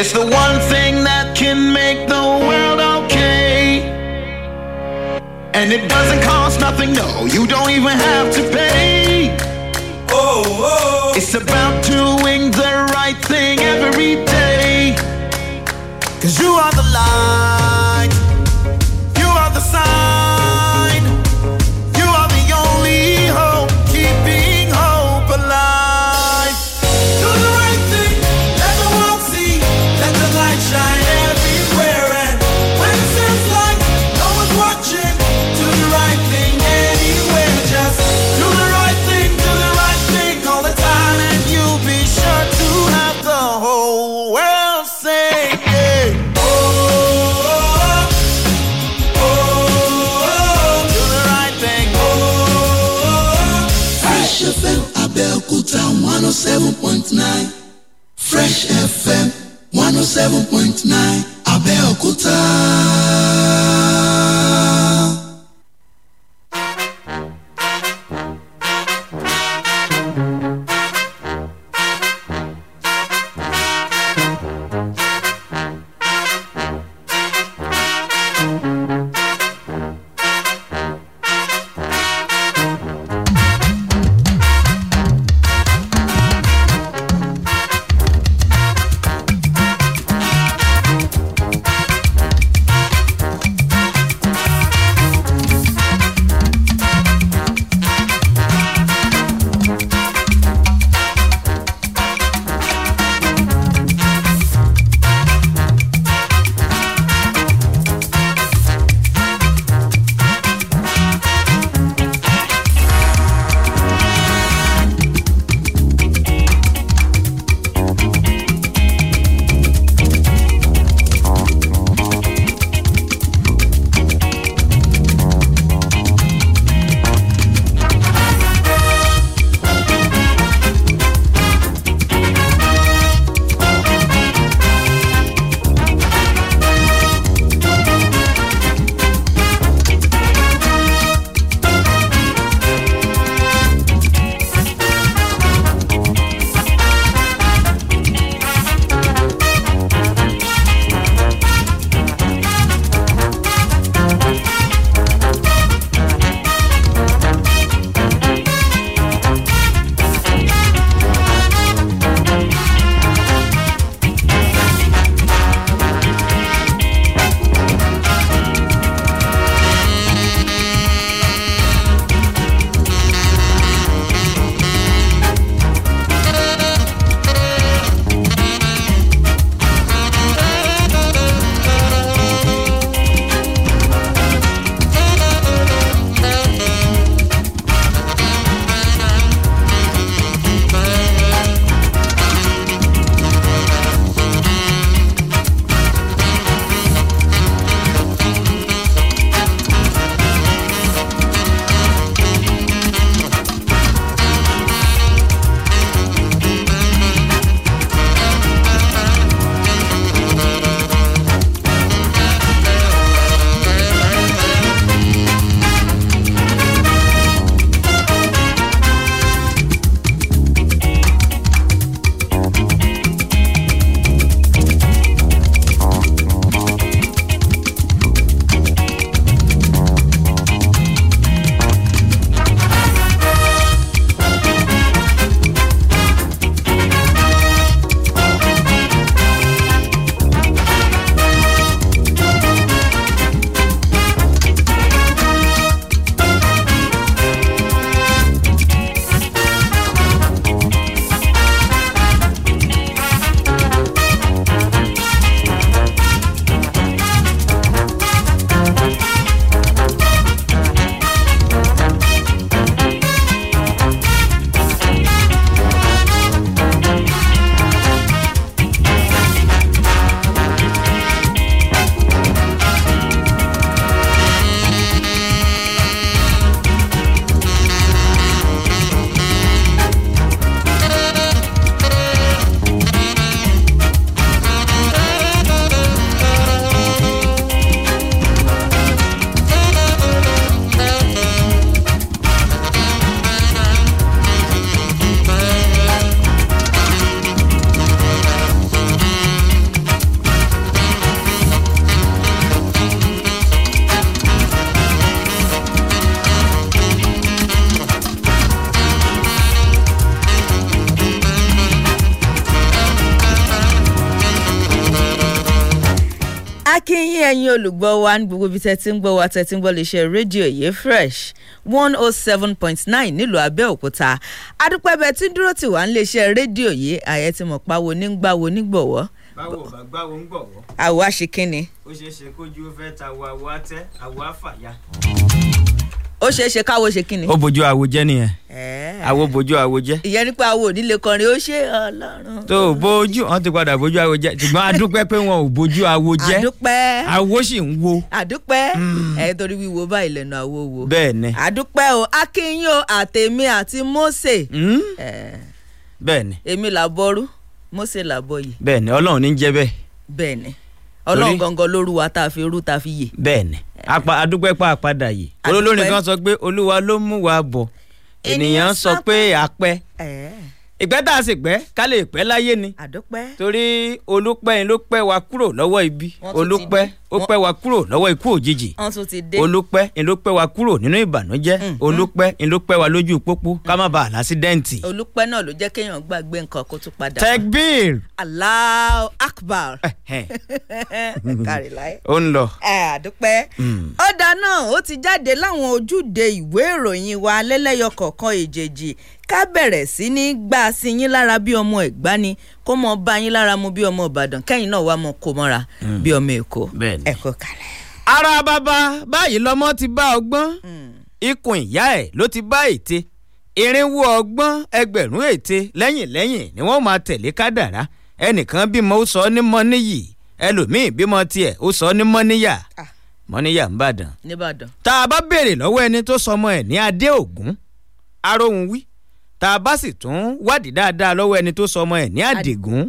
It's the one thing that can make the world okay. And it doesn't cost nothing, no, you don't even have to ẹ̀yin olùgbọ́ wa ní gbogbo ibi tẹ́tí ń gbọ́ wa tẹ́tí ń gbọ́ lè ṣe rédíò yìí fresh one oh seven point nine nílùú Abẹ́òkúta adúpẹ́bẹ tí dúró tì wá ń lè ṣe rédíò yìí àyẹ̀ ti mọ̀ pa wo ní gbà wo ní gbọ̀wọ́. báwo bá gbáwo ń gbọ̀wọ́. àwa ṣe ó ṣeé ṣe kójú ó fẹ́ ta wo àwo á tẹ́ àwo ó ṣeé ṣe káwo ṣe kíni. ó bójú àwo jẹ́ nìyẹn àwo bójú àwo jẹ́. ìyẹn nípa àwo ò ní lè kọrin ó ṣe Ọlọ́run. tó o bójú wọn ti padà bójú àwo jẹ́ ṣùgbọ́n adúpẹ́ pé wọn ò bójú àwo jẹ́ adúpẹ́ àwo sì ń wo. adúpẹ́ hmm. ẹ torí wíwo báyìí lẹ́nu àwo wo. bẹ́ẹ̀ni. adúpẹ́ o akínyó àtèmi àti Mósè. Hmm. bẹ́ẹ̀ni. èmi làbọrú Mósè làbọyì. bẹ́ẹ̀ni Ọlọ́run ní jẹ́ bẹ́ẹ̀. bẹ́ẹ̀ni ọlọ́run gangan lóruwa tá a fi rú tá a fi yè. bẹ́ẹ̀ni adúpẹ́ pa àpadà yìí olólórin kan sọ pé olúwa ló mú wa bọ̀ ènìyàn sọ pé àpẹ́ ìgbẹ́ tá a sì gbẹ́ ká lè pẹ́ láyé ni. àdópẹ́. torí olúpẹ́ yín ló pẹ́ wa kúrò lọ́wọ́ ibi olúpẹ́ ó pẹ́ wa kúrò lọ́wọ́ ikú òjijì. wọ́n tún ti dé. olúpẹ́ yín ló pẹ́ wa kúrò nínú ìbànújẹ́ mm-hmm. olúpẹ́ yín ló pẹ́ wa lójú pópó ká má bàa lásídẹ́ǹtì. olúpẹ́ náà ló jẹ́ kéèyàn gbàgbé nǹkan kó tún padà. tekbir. Allahu Akbar. ó ń lọ. àdópẹ́. ó mm. dáná ó ti jáde láwọn ojúde ìwé ìròyìn wa lẹ́lẹ́yọ kọ̀ọ̀kan èjèèjì ká bẹ̀rẹ̀ sí ní gbà sí yín lára bí ọmọ ẹ̀gbá ni kó mọ bá yín lára mu bí ọmọ ìbàdàn kẹ́yìn náà wá mọ kó mọ́ra mm. bí ọmọ èkó ẹ̀kọ́ kalẹ̀. ara bàbá báyìí lọmọ ti bá ọgbọ́n mm. ikùn ìyá ẹ̀ ló ti bá ète irinwó ọgbọ́n ẹgbẹ̀rún ète lẹ́yìn lẹ́yìn ni wọ́n máa tẹ̀lé kádàrá ẹnìkan bímọ ó sọ ní mọ́níyì ẹlòmíì bímọ tiẹ̀ ó sọ ní mọ́níyà mọ́níyà ń bàdàn. tá a bá béèrè lọ́wọ́ ẹni tó sọmọ ẹ̀ ní adé ògún aróhùn wí tá a bá sì tún wádìí dáadáa lọ́wọ́ ẹni tó sọ ọmọ ẹ̀ ní àdìgún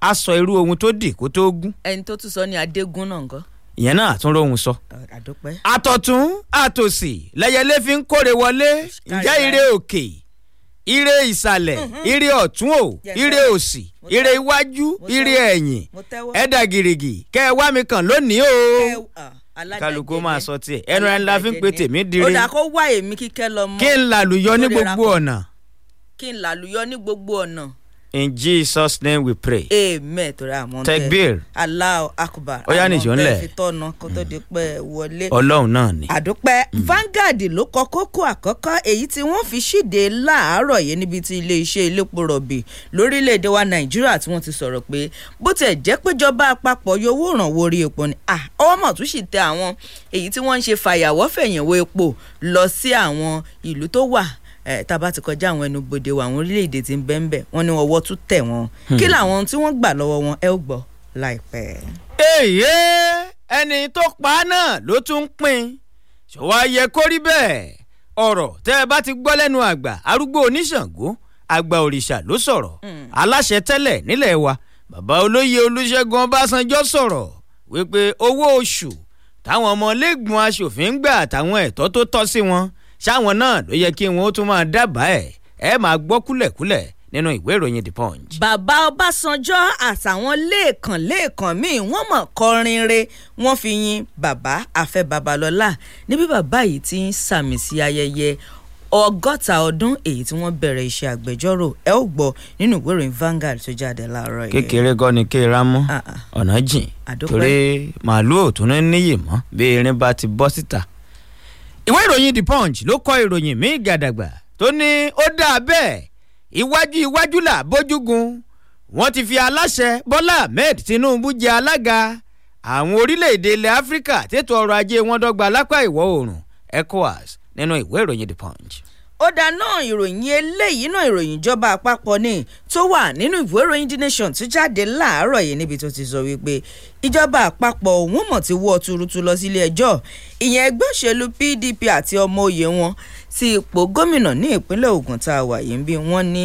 a sọ irú ohun tó dì kó tó gún. ẹni tó tún sọ ni adégún náà nǹkan. ìyẹn náà àtún rohun sọ. àtọ̀tún àtòsì lẹ́yẹlé fi ń kórè wọlé ǹjẹ́ ire òkè ire ìsàlẹ̀ ire ọ̀tún o ire òsì ire iwájú ire ẹ̀yìn ẹ̀dà gìrìgì kẹ́ ẹ wá mi kàn lónìí o kálukú máa sọ tiẹ̀ ẹnu ẹni la fi ń pe tèmi dire. kí n làlùyọ ní gbogbo ọ̀nà kí n làlùyọ ní gbogbo ọ̀nà. in jesus name we pray. amen torí àmọ́ tẹ tekbir allah akbar ọyá nìjọ ńlẹ àmọ́ bẹ́ẹ̀ fi tọ́nà kó tó di pé wọlé. ọlọ́run náà ni. àdúpẹ́ mm. Vanguard ló kọ kókó àkọ́kọ́ èyí tí wọ́n fi ṣíde láàárọ̀ yìí níbi tí iléeṣẹ́ elépo rọ̀bì lórílẹ̀‐èdè wa nàìjíríà tí wọ́n ti sọ̀rọ̀ pé bó tẹ̀ jẹ́ péjọba àpapọ̀ yòówó ìrànwọ́ orí epo ni ọwọ́ mọ̀ tún sì tẹ àwọn èyí tí wọ́n ń ṣe fàyàwọ́ fẹ̀yìnwó epo lọ sí àwọn ìlú tó wà tá a bá ti kọjá àwọn ẹnubodè wa àwọn orílẹ̀-èdè tí ń bẹ́ ń bẹ̀ wọ́n ní ọwọ́ tún tẹ̀ wọ́n hmm. kí làwọn tí wọ́n gbà lọ́wọ́ wọn ẹ ó gbọ́ láìpẹ́. èyí ẹni tó pa á náà ló tún ń pín ṣòwò ayẹ kó rí bẹ́ẹ̀ ọ̀rọ̀ tẹ́ ẹ bá ti gbọ́ lẹ́nu àgbà arúgbó oníṣàngó àgbà òrìṣà ló sọ̀rọ̀ hmm. aláṣẹ tẹ́lẹ̀ nílẹ̀ wa bàbá olóyè olúṣẹ́gun ọbásanjọ́ sọ̀rọ̀ wípé owó oṣù táwọn ọmọlẹ́gbọ̀n aṣòfin gbà àtàwọn ẹ̀tọ́ tó tọ́ sí wọn ṣáwọn náà ló yẹ kí wọn ó tún máa dábàá ẹ̀ ẹ máa gbọ́ kúlẹ̀kúlẹ̀ nínú ìwé ìròyìn the punch. bàbá ọbásanjọ́ àtàwọn lẹ́ẹ̀kan lẹ́ẹ̀kan míì wọ́n mọ̀ kọrin re wọ́n fi yin bàbá afẹ́ babalọ́lá níbi bàbá yìí ti ń sàmì sí ayẹyẹ ọgọ́ta ọdún èyí tí wọ́n bẹ̀rẹ̀ iṣẹ́ agbẹjọ́rò ẹ ó gbọ́ nínú ìwé ìròyìn Vanguard tó jáde láàárọ̀ yìí. kékeré gan ni kéèrà mọ́ ah, ah. ọ̀nà jìn torí màálù ò tún ní níyì mọ́ bí irin bá ti bọ́ síta ìwé ìròyìn the punch ló kọ ìròyìn míì gàdàgbà tó ní ó dáa bẹ́ẹ̀ iwájú iwájú là bójúgun wọ́n ti fi aláṣẹ Bọ́lá Ahmed Tinubu jẹ alága àwọn orílẹ̀-èdè ilẹ̀ Áfíríkà tètò ọrọ̀ ajé wọn dọ́gba lápá ìwọ̀ oòrùn ECOWAS nínú ìwé ìròyìn the punch ó dá náà ìròyìn eléyìí náà ìròyìn ìjọba àpapọ̀ ni tó wà nínú ìwé ìròyìn The Nation tó jáde láàárọ̀ yìí níbi tó ti sọ wípé ìjọba àpapọ̀ òun mọ̀ ti wọ́ tuurutu lọ sílé ẹjọ́ ìyẹn ẹgbẹ́ òṣèlú PDP àti ọmọ òye wọn sí ipò gómìnà ní ìpínlẹ̀ Ògùn tá a wà yìí bí wọ́n ní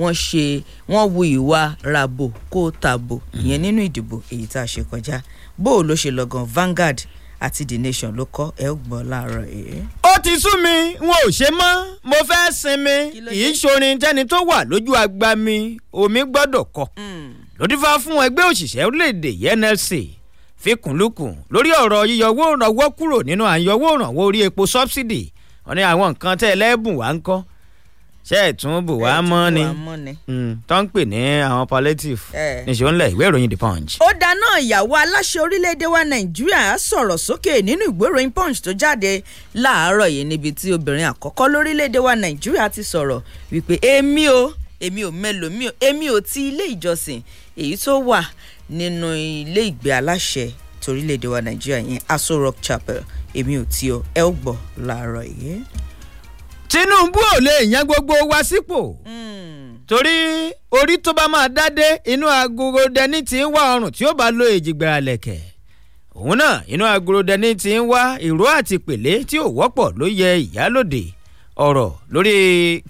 wọ́n ṣe wọ́n wu ìwà rabo kó tabo ìyẹn nínú ìdìbò èyí tá a ṣe kọjá bó o ló ṣe lọ gan Vanguard àti the nation ló kọ́ ẹ ó gbọ́ láàárọ̀ yìí. ó ti sú mi n ò ṣe mọ́ mo fẹ́ sinmi kì í ṣorin tẹ́ni tó wà lójú agba mi omi gbọ́dọ̀ kọ. Hmm. lòdìfà fún ẹgbẹ́ òṣìṣẹ́ orílẹ̀-èdè nlc fikùnlukùn lórí ọ̀rọ̀ yíyọwó ìrànwọ́ kúrò nínú àyọwó ìrànwọ́ orí epo subsidy wọn ni àwọn nǹkan tẹ́ ẹlẹ́bùn wá ń kọ́ ṣe é tún bù wá mọ́ ni mm. tó ń pè ní àwọn palliative níṣẹ́ ńlẹ̀ ìwé ìròyìn the punch. ó dáná ìyàwó aláṣẹ orílẹ̀-èdè wa nàìjíríà sọ̀rọ̀ sókè nínú ìwé ìròyìn punch tó jáde láàárọ̀ yìí níbi tí obìnrin àkọ́kọ́ lórílẹ̀-èdè wa nàìjíríà ti sọ̀rọ̀ wípé èmi o èmi ò mẹ́lò èmi ò ti ilé ìjọsìn èyí tó wà nínú ilé ìgbé aláṣẹ torílẹ̀-èdè wa nàìjíríà yẹn aso rock chapel èmi ò ti o ẹ ó gbọ́ Tinubu ò lè yan gbogbo wa sípò hmm. torí orí tó bá máa dádé inú agoro dẹni tí ń wá ọrùn tí ó bá lo èjìgbà lẹ̀kẹ̀ òun náà inú agoro dẹni tí ń wá ìró àti pèlé tí ò wọ́pọ̀ ló yẹ ìyálòdì ọ̀rọ̀ lórí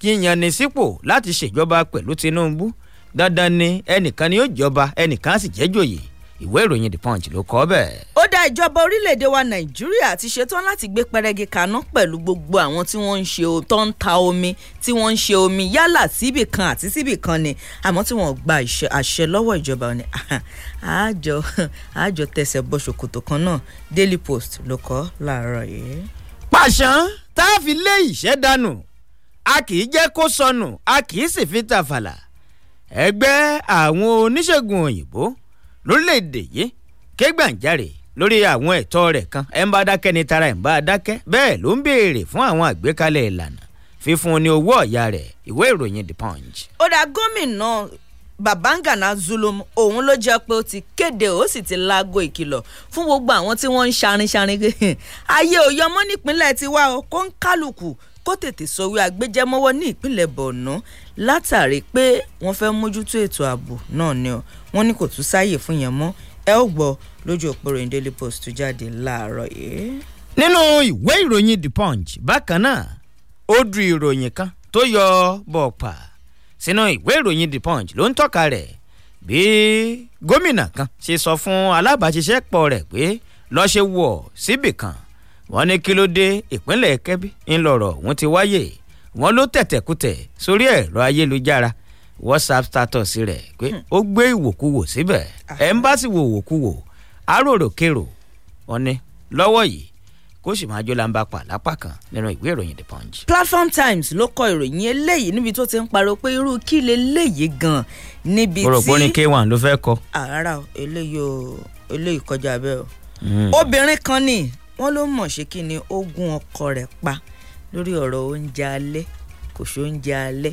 yíyan ni sípò láti ṣèjọba pẹ̀lú Tinubu dandan ni ẹnìkan ni yóò jọba ẹnìkan sì jẹ́ jòyè ìwé ìròyìn the punch ló kọ bẹ́ẹ̀. ó dá ìjọba orílẹ̀-èdè wa nàìjíríà ti ṣetán láti gbé pẹrẹgì kaná pẹ̀lú gbogbo àwọn tí wọ́n ń ṣe tó ń ta omi tí wọ́n ń ṣe omi yálà síbì kan àti síbì kan ni àmọ́ tí wọ́n gba àṣẹ lọ́wọ́ ìjọba ni àjọ àjọ tẹsẹ̀ bọ ṣòkòtò kan náà daily post ló kọ láàárọ̀ yìí. pàṣán tá a fi lé ìṣẹ́ dànù a kì í jẹ́ kó sọnù a kì í sì fi tàfàlà ẹgbẹ́ àwọn oníṣègùn òyìnbó lórílẹ̀‐èdè yìí kégbàǹjarè lórí àwọn ẹ̀tọ́ rẹ̀ kan ẹ̀ ń bá dákẹ́ ni tara ẹ̀ ń bá dákẹ́ bẹ́ẹ̀ ló ń béèrè fún àwọn àgbékalẹ̀ ìlànà fífún ni owó ọ̀yà rẹ̀ ìwé ìròyìn the punch. ó dá gómìnà babangana zulum òun ló jẹ pé ó ti kéde ó sì ti laago ìkìlọ fún gbogbo àwọn tí wọn ń ṣarinṣarin ayé òyọmọ nípínlẹ tiwa kó ń kálukú kó tètè sọwé agbẹjẹmọ́wọ́ ní ìpínlẹ̀ Borno látàrí pé wọ́n fẹ́ mójútó ètò ààbò náà ni ọ wọ́n ní kò tún sáàyè fún yẹn mọ́ ẹ ó gbọ́ lójú òpó ròyìn Daily Post tó jáde láàárọ̀ yìí. nínú ìwé ìròyìn The Punch bákan náà ó du ìròyìn kan tó yọ bọ̀pà sínú ìwé ìròyìn The Punch ló ń tọ́ka rẹ̀ bí gómìnà kan ṣe sọ fún alábàáṣiṣẹ́pọ̀ rẹ̀ pé lọ́ọ́ ṣe wọ̀ síbì kan wọ́n ní kí ló dé ìpínlẹ̀ kẹ́bí ńlọrọ̀ wọ́n ti wáyè wọ́n ló tẹ̀tẹ̀kùtẹ̀ sórí ẹ̀rọ ayélujára whatsapp status rẹ̀ pé hmm. ó gbé ìwòkuwò síbẹ̀ ah. ẹ̀ńbáàsì wo ìwòkuwò aróròkèrò wọ́n ní lọ́wọ́ yìí kó sì máa jó lamba pa lápá kan nínú ìwé ìròyìn the punch. platform times ló kọ ìròyìn eléyìí níbi tó ti ń pariwo pé irú kí leléyìí gan níbi tí. orògbó ni k1 ló fẹ́ kọ. àrà ah, eléyìí kọjá bẹ́ẹ̀ o. Hmm. obìnrin kan ni wọ́n ló mọ̀ ṣe kí ni ó gún ọkọ rẹ̀ pa lórí ọ̀rọ̀ oúnjẹ alẹ́ kò ṣóúnjẹ alẹ́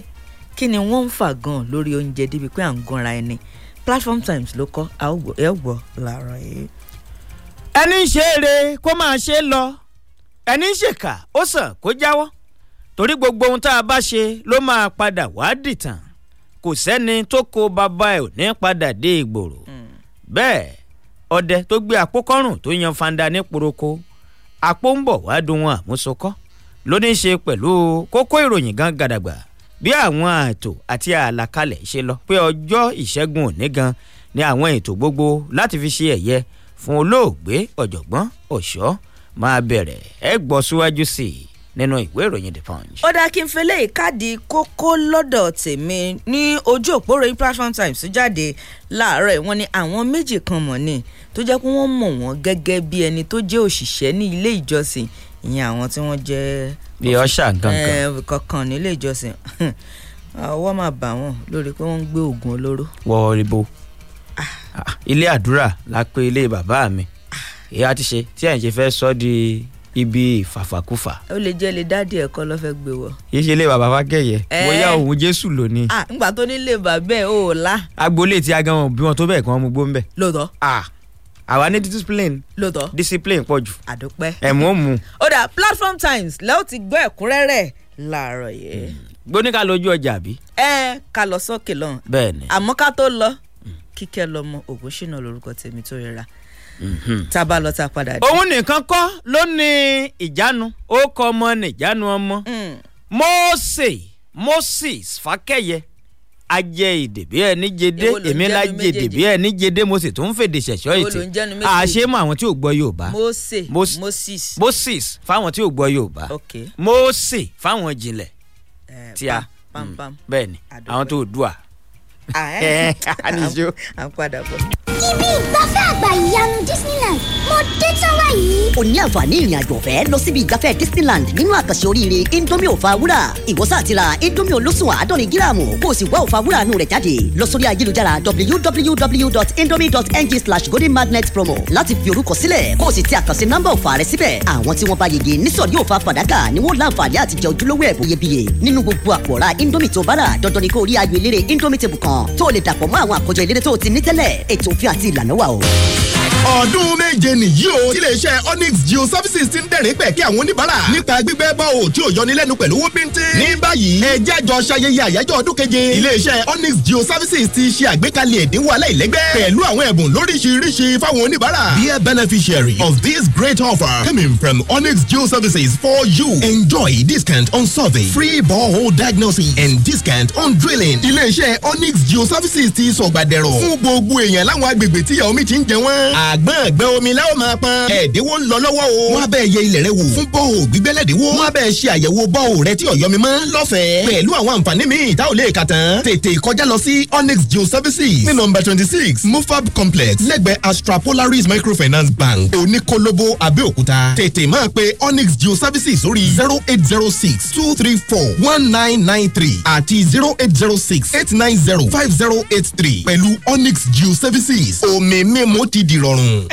kí ni wọ́n ń fà gan lórí oúnjẹ débi pé à ń gúnra ẹni platform times ló kọ́ ẹ ó gbọ́ làárọ̀ yìí. ẹni ń ṣe eré kó máa ṣe lọ ẹni ń ṣèkà ó sàn kó jáwọ́ torí gbogbo ohun tá a bá ṣe ló máa padà wá dìtàn kò sẹ́ni tó kó bàbá ẹ̀ ní padà dé ìgboro hmm. bẹ́ẹ̀ ọdẹ tó gbé àpòkọ́rùn tó yan fanda ní poroko àpò ń bọ̀ wá dun wọn àmúsokọ́ ló ní í ṣe pẹ̀lú kókó ìròyìn gan gàdàgbà bí àwọn ààtò àti àlàkalẹ̀ ṣe lọ pé ọjọ́ ìṣẹ́gun òní gan ni àwọn ètò gbogbo láti fi ṣe ẹ̀yẹ fún olóògbé ọ̀jọ̀gbọ́n ọ̀ṣọ́ máa bẹ̀rẹ̀ ẹ gbọ́ síwájú sí i nínú ìwé ìròyìn the punch. ó dáa kí n fẹlẹ́ ìkádìí kókó lọ́dọ̀ tèmi ní ojú òpó ròyìn platform times jáde láàárọ̀ wọn ni àwọn méjì kan mọ̀ ni tó jẹ́ pé wọ́n mọ̀ wọ́n gẹ́gẹ́ bí ẹni tó jẹ́ òṣìṣẹ́ ní ilé ìjọsìn ìyẹn àwọn tí wọ́n jẹ́ bí ọ̀ṣà gangan eh, kankan nílé ìjọsìn ọwọ́ máa bà wọ́n lórí pé wọ́n ń gbé oògùn olóró. wọ ibo ah. ah, ilé àdúrà la ilé bàbá mi èyí ah. á ti ṣe tí ẹ̀yin ṣe fẹ́ sọ́ di ibi ìfàfàkùfà. ó lè jẹ́ lè dáàdi ẹ̀kọ́ ló fẹ́ gbé wọ. yìí ṣe lè bàbá fákẹ́yẹ mo yá òun jésù lónìí. ah ngbà tó nílé bàbá ẹ ò la. agboolé tí a gan wọn bí wọn tó bẹ́ẹ̀ kí wọ́n mú gbó ń bẹ̀. lóòótọ́. ah àwa ní discipline. lóòótọ́ discipline pọ̀ jù. àdópẹ́ ẹ̀mú ò mú. ó dà platform times lẹ́wọ̀n ti gbọ́ ẹ̀kúnrẹ́rẹ́ láàárọ̀ yẹn. Hmm. gbóní ká lójú ọjà àbí. ẹ ká lọ sókè lọ́hùn. bẹ́ẹ̀ni. àmọ́ ká tó lọ kíkẹ́ lọmọ ògúnṣínà lórúkọ tèmi tó rẹra Mhm. tá a bá lọ tá a padà dé. òun nìkan kọ́ ló ní ìjánu ó kọ́ ọmọ nìjánu ọmọ mose mm. moses fàkẹ́yẹ ajẹ ìdèbí ẹ ní jẹdé èmi la jẹ ìdèbí ẹ ní jẹdé mo sì tún ń fèdè ṣẹṣọ ètè àṣemọ àwọn tí ò gbọ́ yorùbá moses moses fáwọn tí ò gbọ́ yorùbá mose fáwọn jinlẹ̀ eh, tí a mm, bẹ́ẹ̀ ni àwọn tó dùn à. Ah, eh. àníjó. à ń padà bọ̀ níbi ìgbafẹ́ àgbà ìyanu Disneyland mo dé tán báyìí. o ní àǹfààní ìrìnàjò ọ̀fẹ́ lọ síbi ìgbafẹ́ Disneyland nínú àkànṣe oríire Indomie òfa wúrà ìwọ́sà àti ra Indomie olóṣùn àádọ́rin gíráàmù kó o sì wá òfa wúrà nù rẹ̀ jáde lọ sórí ayélujára www.indomie.ng/goldenmagnetpromo láti fi orúkọ sílẹ̀ kó o sì ti àkànṣe nọ́mbà òfa rẹ̀ síbẹ̀ àwọn tí wọ́n bá yege nísọ̀rí òfa fàdákà ni wọ́n láǹfààní àti jẹ ojúlówó ẹ̀bùn iyebíye nínú gbogbo àpòọ̀rá Indomie tó bára dandan ni kó o rí ayò eléré Indomie table kan tó o lè dàpọ̀ mọ́ àwọn àkójọ eléré tó o ti ní tẹ́lẹ̀ ètò òfin àti ìlànà wà o ọdún méje nìyí o tiléeṣẹ́ onyx geo services ti ń dẹ̀rìn pẹ̀ kí àwọn oníbàárà nípa gbígbẹ́ bọ́ọ̀ tí ò yọnilẹ́nu pẹ̀lú owó bíntín. ní báyìí ẹjẹ́ àjọ ṣayẹyẹ àyájọ́ ọdún keje iléeṣẹ́ onyx geo services ti ṣe àgbékalẹ̀ ẹ̀dínwó aláìlẹ́gbẹ́ pẹ̀lú àwọn ẹ̀bùn lóríṣiríṣi fáwọn oníbàárà. be a beneficiary of this great offer coming from onyx geo services for you enjoy discount on survey free borehole diagnosis and discount on drilling. iléeṣẹ́ onyx geo services ti sọ̀gbàdẹ̀rọ̀ fún gbogbo èèyàn láwọn lágbègbè tí ìyàwó mi ti ń jẹ wọ́n. àgbọn ẹgbẹ́ omi la ó máa pọn. ẹ̀dínwó ń lọ lọ́wọ́ o. wọ́n á bẹ̀ yẹ ilẹ̀ rẹ wò. fún bọ́ọ̀ gbígbẹ́lẹ̀dínwó. wọ́n á bẹ̀ ṣe àyẹ̀wò bọ́ọ̀ rẹ tí ọ̀yọ́ mi mọ́ lọ́fẹ̀ẹ́. pẹ̀lú àwọn àǹfààní míì tá ò lè kà tán. tètè kọjá lọ sí Onyx Geo Services ní nọ́mbà twenty six Mufab Complex lẹ́gbẹ̀ẹ́ Astra Polaris Microfinance Bank Oníkólóbó Abẹ́òkúta. tètè máa pe Onyx Geo Services sórí zero eight zero six two three four one nine nine three àti zero eight zero six eight nine zero five zero eight three pẹ̀lú Onyx Geo Services peters omi mímu ti dìrọ̀rùn.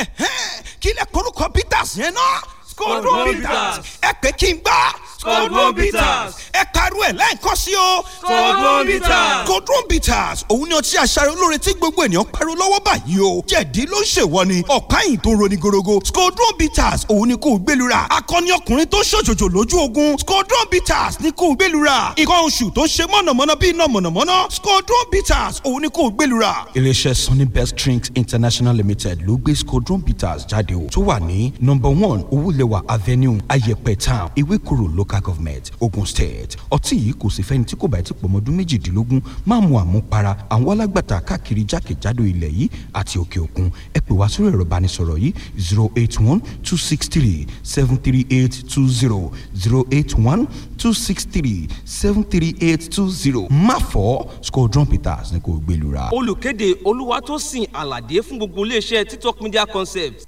kí lẹ korúkọ peters yẹn náà scodo peters ẹ pé kí n gbá scodo peters ẹ karú ẹ̀ lẹ́ẹ̀kan sí o. Codron bitters. Codron bitters òun ni ọtí àṣàrò olóore tí gbogbo ènìyàn pariwo lọ́wọ́ báyìí o. jẹ̀dí ló ń ṣèwọ ni ọ̀káyìn tó ń roni gorogo. Codron bitters òun ni kò gbẹlura. akọni ọkùnrin tó ṣòjòjò lójú ogun. Codron bitters ni kò gbẹlura. ikọ̀ oṣù tó ṣe mọ̀nàmọ́ná bíi iná mọ̀nàmọ́ná. Codron bitters òun ni kò gbẹlura. iléeṣẹ́ Sunny Best Drinks International Limited ló gbé Codron bitters jáde o tó wà ní number one Owulewa Avenue Ayẹ̀pẹ̀ Town Ewékòró Local Government Ogun State cigarette ọtí yìí kò sí fẹ́ni tí kò bá ti pọ̀ mọ́dún méjìdínlógún máa mu àmupara àwọn alágbàtà káàkiri jákèjádò ilẹ̀ yìí àti òkè òkun ẹ pè wá sórí ẹ̀rọ ìbánisọ̀rọ̀ yìí zero eight one two six three seven three eight two zero zero eight one two six three seven three eight two zero má fọ́ Squadron Peters ni kò gbèlú ra. olùkéde olúwatósìn aládé fún gbogbo iléeṣẹ́ TikTok media concept.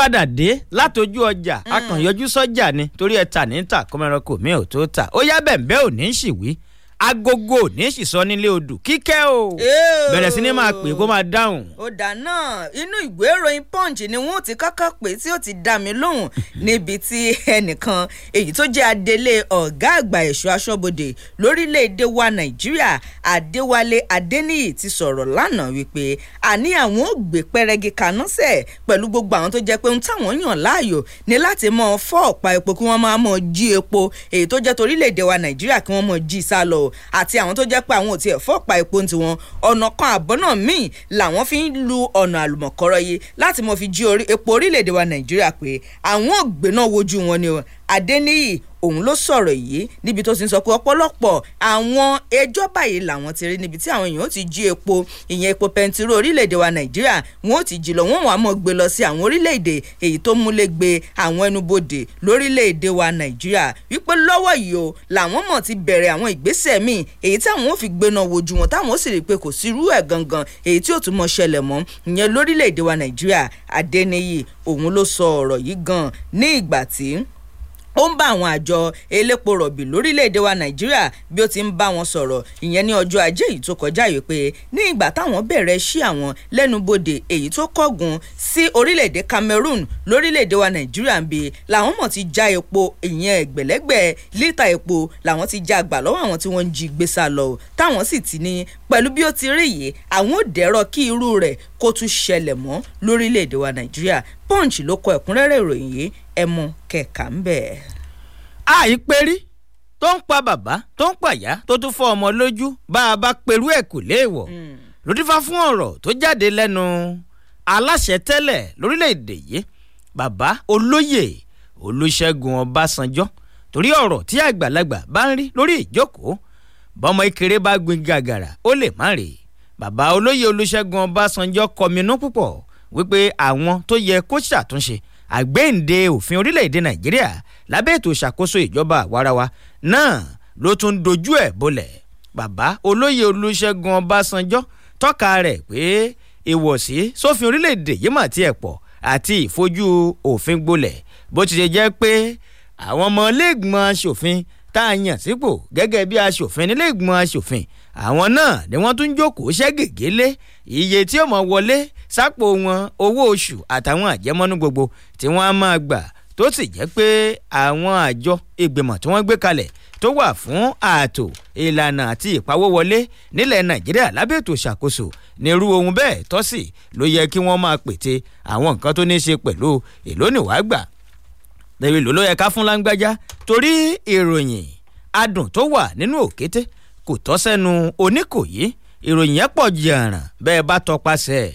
padà dé látojú ọjà akànyọjú mm. sọ́jà ni torí ẹ tà ní tà kọ́mẹ́rán kò mí ò tó tà ó yá bẹ̀ ń ò ní ṣìwí agogo níṣìṣọ́ nílé odò kíkẹ́ o bẹ̀rẹ̀ sí ni máa pè kó máa dáhùn. ó dáná inú ìwé ìròyìn punch ni wọn ti kọ́kọ́ pé tí ó ti dá mi lóhùn níbi tí ẹnìkan èyí tó jẹ́ adelé ọ̀gá àgbà ẹ̀ṣọ́ aṣọ́bodè lórílẹ̀‐èdè wa nàìjíríà adéwálé adéníyì ti sọ̀rọ̀ lánàá wípé àní àwọn ò gbé pẹrẹgì kaná sẹ̀ pẹ̀lú gbogbo àwọn tó jẹ́ pé ohun táwọn yàn láàyò ni láti mọ fọ́ ọ̀pá epo kí wọ́n máa mọ jí epo èyí tó jẹ́ torílẹ̀‐èdè wa nàìjíríà kí wọ́n mọ jí sá lọ àti àwọn tó jẹ́ pé àwọn ò tiẹ̀ fọ́pa epo tiwọn ọ̀nà kan àbọ̀nà míì làwọn fi ń lu ọ̀nà àlùmọ̀kọ́rọ́ yìí láti mọ̀ fi jí epo orílẹ̀-èdè wa nàìjíríà pé àwọn ògbéná wojú wọn ni adéníyì òun ló sọ̀rọ̀ yìí níbi tó ti ń sọ pé ọ̀pọ̀lọpọ̀ àwọn ẹjọ́ báyìí làwọn ti rí níbi tí àwọn èèyàn ti jí epo ìyẹn epo pẹntiró orílẹ̀-èdè wa nàìjíríà wọn ò ti jí lọ wọn wà mọ́ gbé lọ sí àwọn orílẹ̀-èdè èyí tó múlẹ̀ gbé àwọn ẹnubodè lórílẹ̀-èdè wa nàìjíríà wípé lọ́wọ́ yìí o làwọn mọ̀ ti bẹ̀rẹ̀ àwọn ìgbésẹ̀ míì èyí táwọn ò fi ó sì ó ń bá àwọn àjọ elépo rọ̀bì lórílẹ̀‐èdè wa nàìjíríà bí ó ti ń bá wọn sọ̀rọ̀ ìyẹn ní ọjọ́ ajé yìí tó kọjá yìí pé ní ìgbà táwọn bẹ̀rẹ̀ sí àwọn lẹ́nubodè èyí tó kọ̀gùn sí orílẹ̀‐èdè cameroon lórílẹ̀‐èdè wa nàìjíríà ń bi làwọn mọ̀ ti já epo ìyẹn ẹgbẹ̀lẹ́gbẹ̀ lítà epo làwọn ti já gbà lọ́wọ́ àwọn tí wọ́n ń jí gbé sá lọ táwọn sì ti ní pẹ̀lú bí ó ti rí yìí àwọn ò dẹ̀rọ kí irú rẹ̀ kó tún ṣẹlẹ̀ mọ́ lórílẹ̀‐èdè wa nàìjíríà punch ló kọ ẹ̀kúnrẹ́rẹ́ ìròyìn yìí ẹ mú kẹ̀kà ń bẹ̀. àìpérí tó ń pa bàbá tó ń pàyà tó tún fọ ọmọ lójú bá a bá perú ẹ̀ kò léèwọ̀ hmm. ló dífá fún ọ̀rọ̀ tó jáde lẹ́nu aláṣẹ tẹ́lẹ̀ lórílẹ̀‐èdè yìí bàbá olóyè olúṣẹ́gun ọbásanjọ́ torí ọ̀rọ̀ tí àgbàlagbà bá ń rí lórí ìjókòó bọ́mọ ìkéré bá gbin gàgàrà ó lè má rè bàbá olóyè olùṣègùn ọbásanjọ́ kọminú púpọ̀ wípé àwọn tó yẹ kó ṣàtúnṣe àgbéǹde òfin orílẹ̀-èdè nàìjíríà lábẹ́ ètò ìṣàkóso ìjọba àwarawa náà ló tún dojú ẹ̀ bolẹ̀ bàbá olóyè olùṣègùn ọbásanjọ́ tọ́ka rẹ̀ pé ìwọ̀sí sófin orílẹ̀-èdè yìí mà tiẹ̀ pọ̀ àti ìfojú òfin gbolẹ̀ bó ti ṣe jẹ́ pé àwọn ọmọ ilé ìgbìmọ̀ aṣòfin tá a yàn sípò gẹ́gẹ́ bí aṣòfin nílé ìgbìmọ̀ aṣòfin àwọn náà ni wọ́n tún jókòó ṣẹ́gègélé iye tí ó mọ̀ wọlé sápò wọn owó oṣù àtàwọn àjẹmọ́nú gbogbo tí wọ́n á máa gbà tó sì jẹ́ pé àwọn àjọ ìgbìmọ̀ tí wọ́n gbé kalẹ̀ tó wà fún ààtò ìlànà àti ìpawówọlé nílẹ̀ nàìjíríà lábẹ́ ètò ìṣàkóso nírú ohun bẹ́ẹ̀ tọ́sí ló yẹ kí wọ́n máa pète àwọn nǹkan tó ní èlò ló yẹ ká fún láńgbájá torí ìròyìn adùn tó wà nínú òkété kò tọ́ sẹ́nu oníkòyí ìròyìn yẹn pọ̀ jàràn bẹ́ẹ̀ bá tọpasẹ̀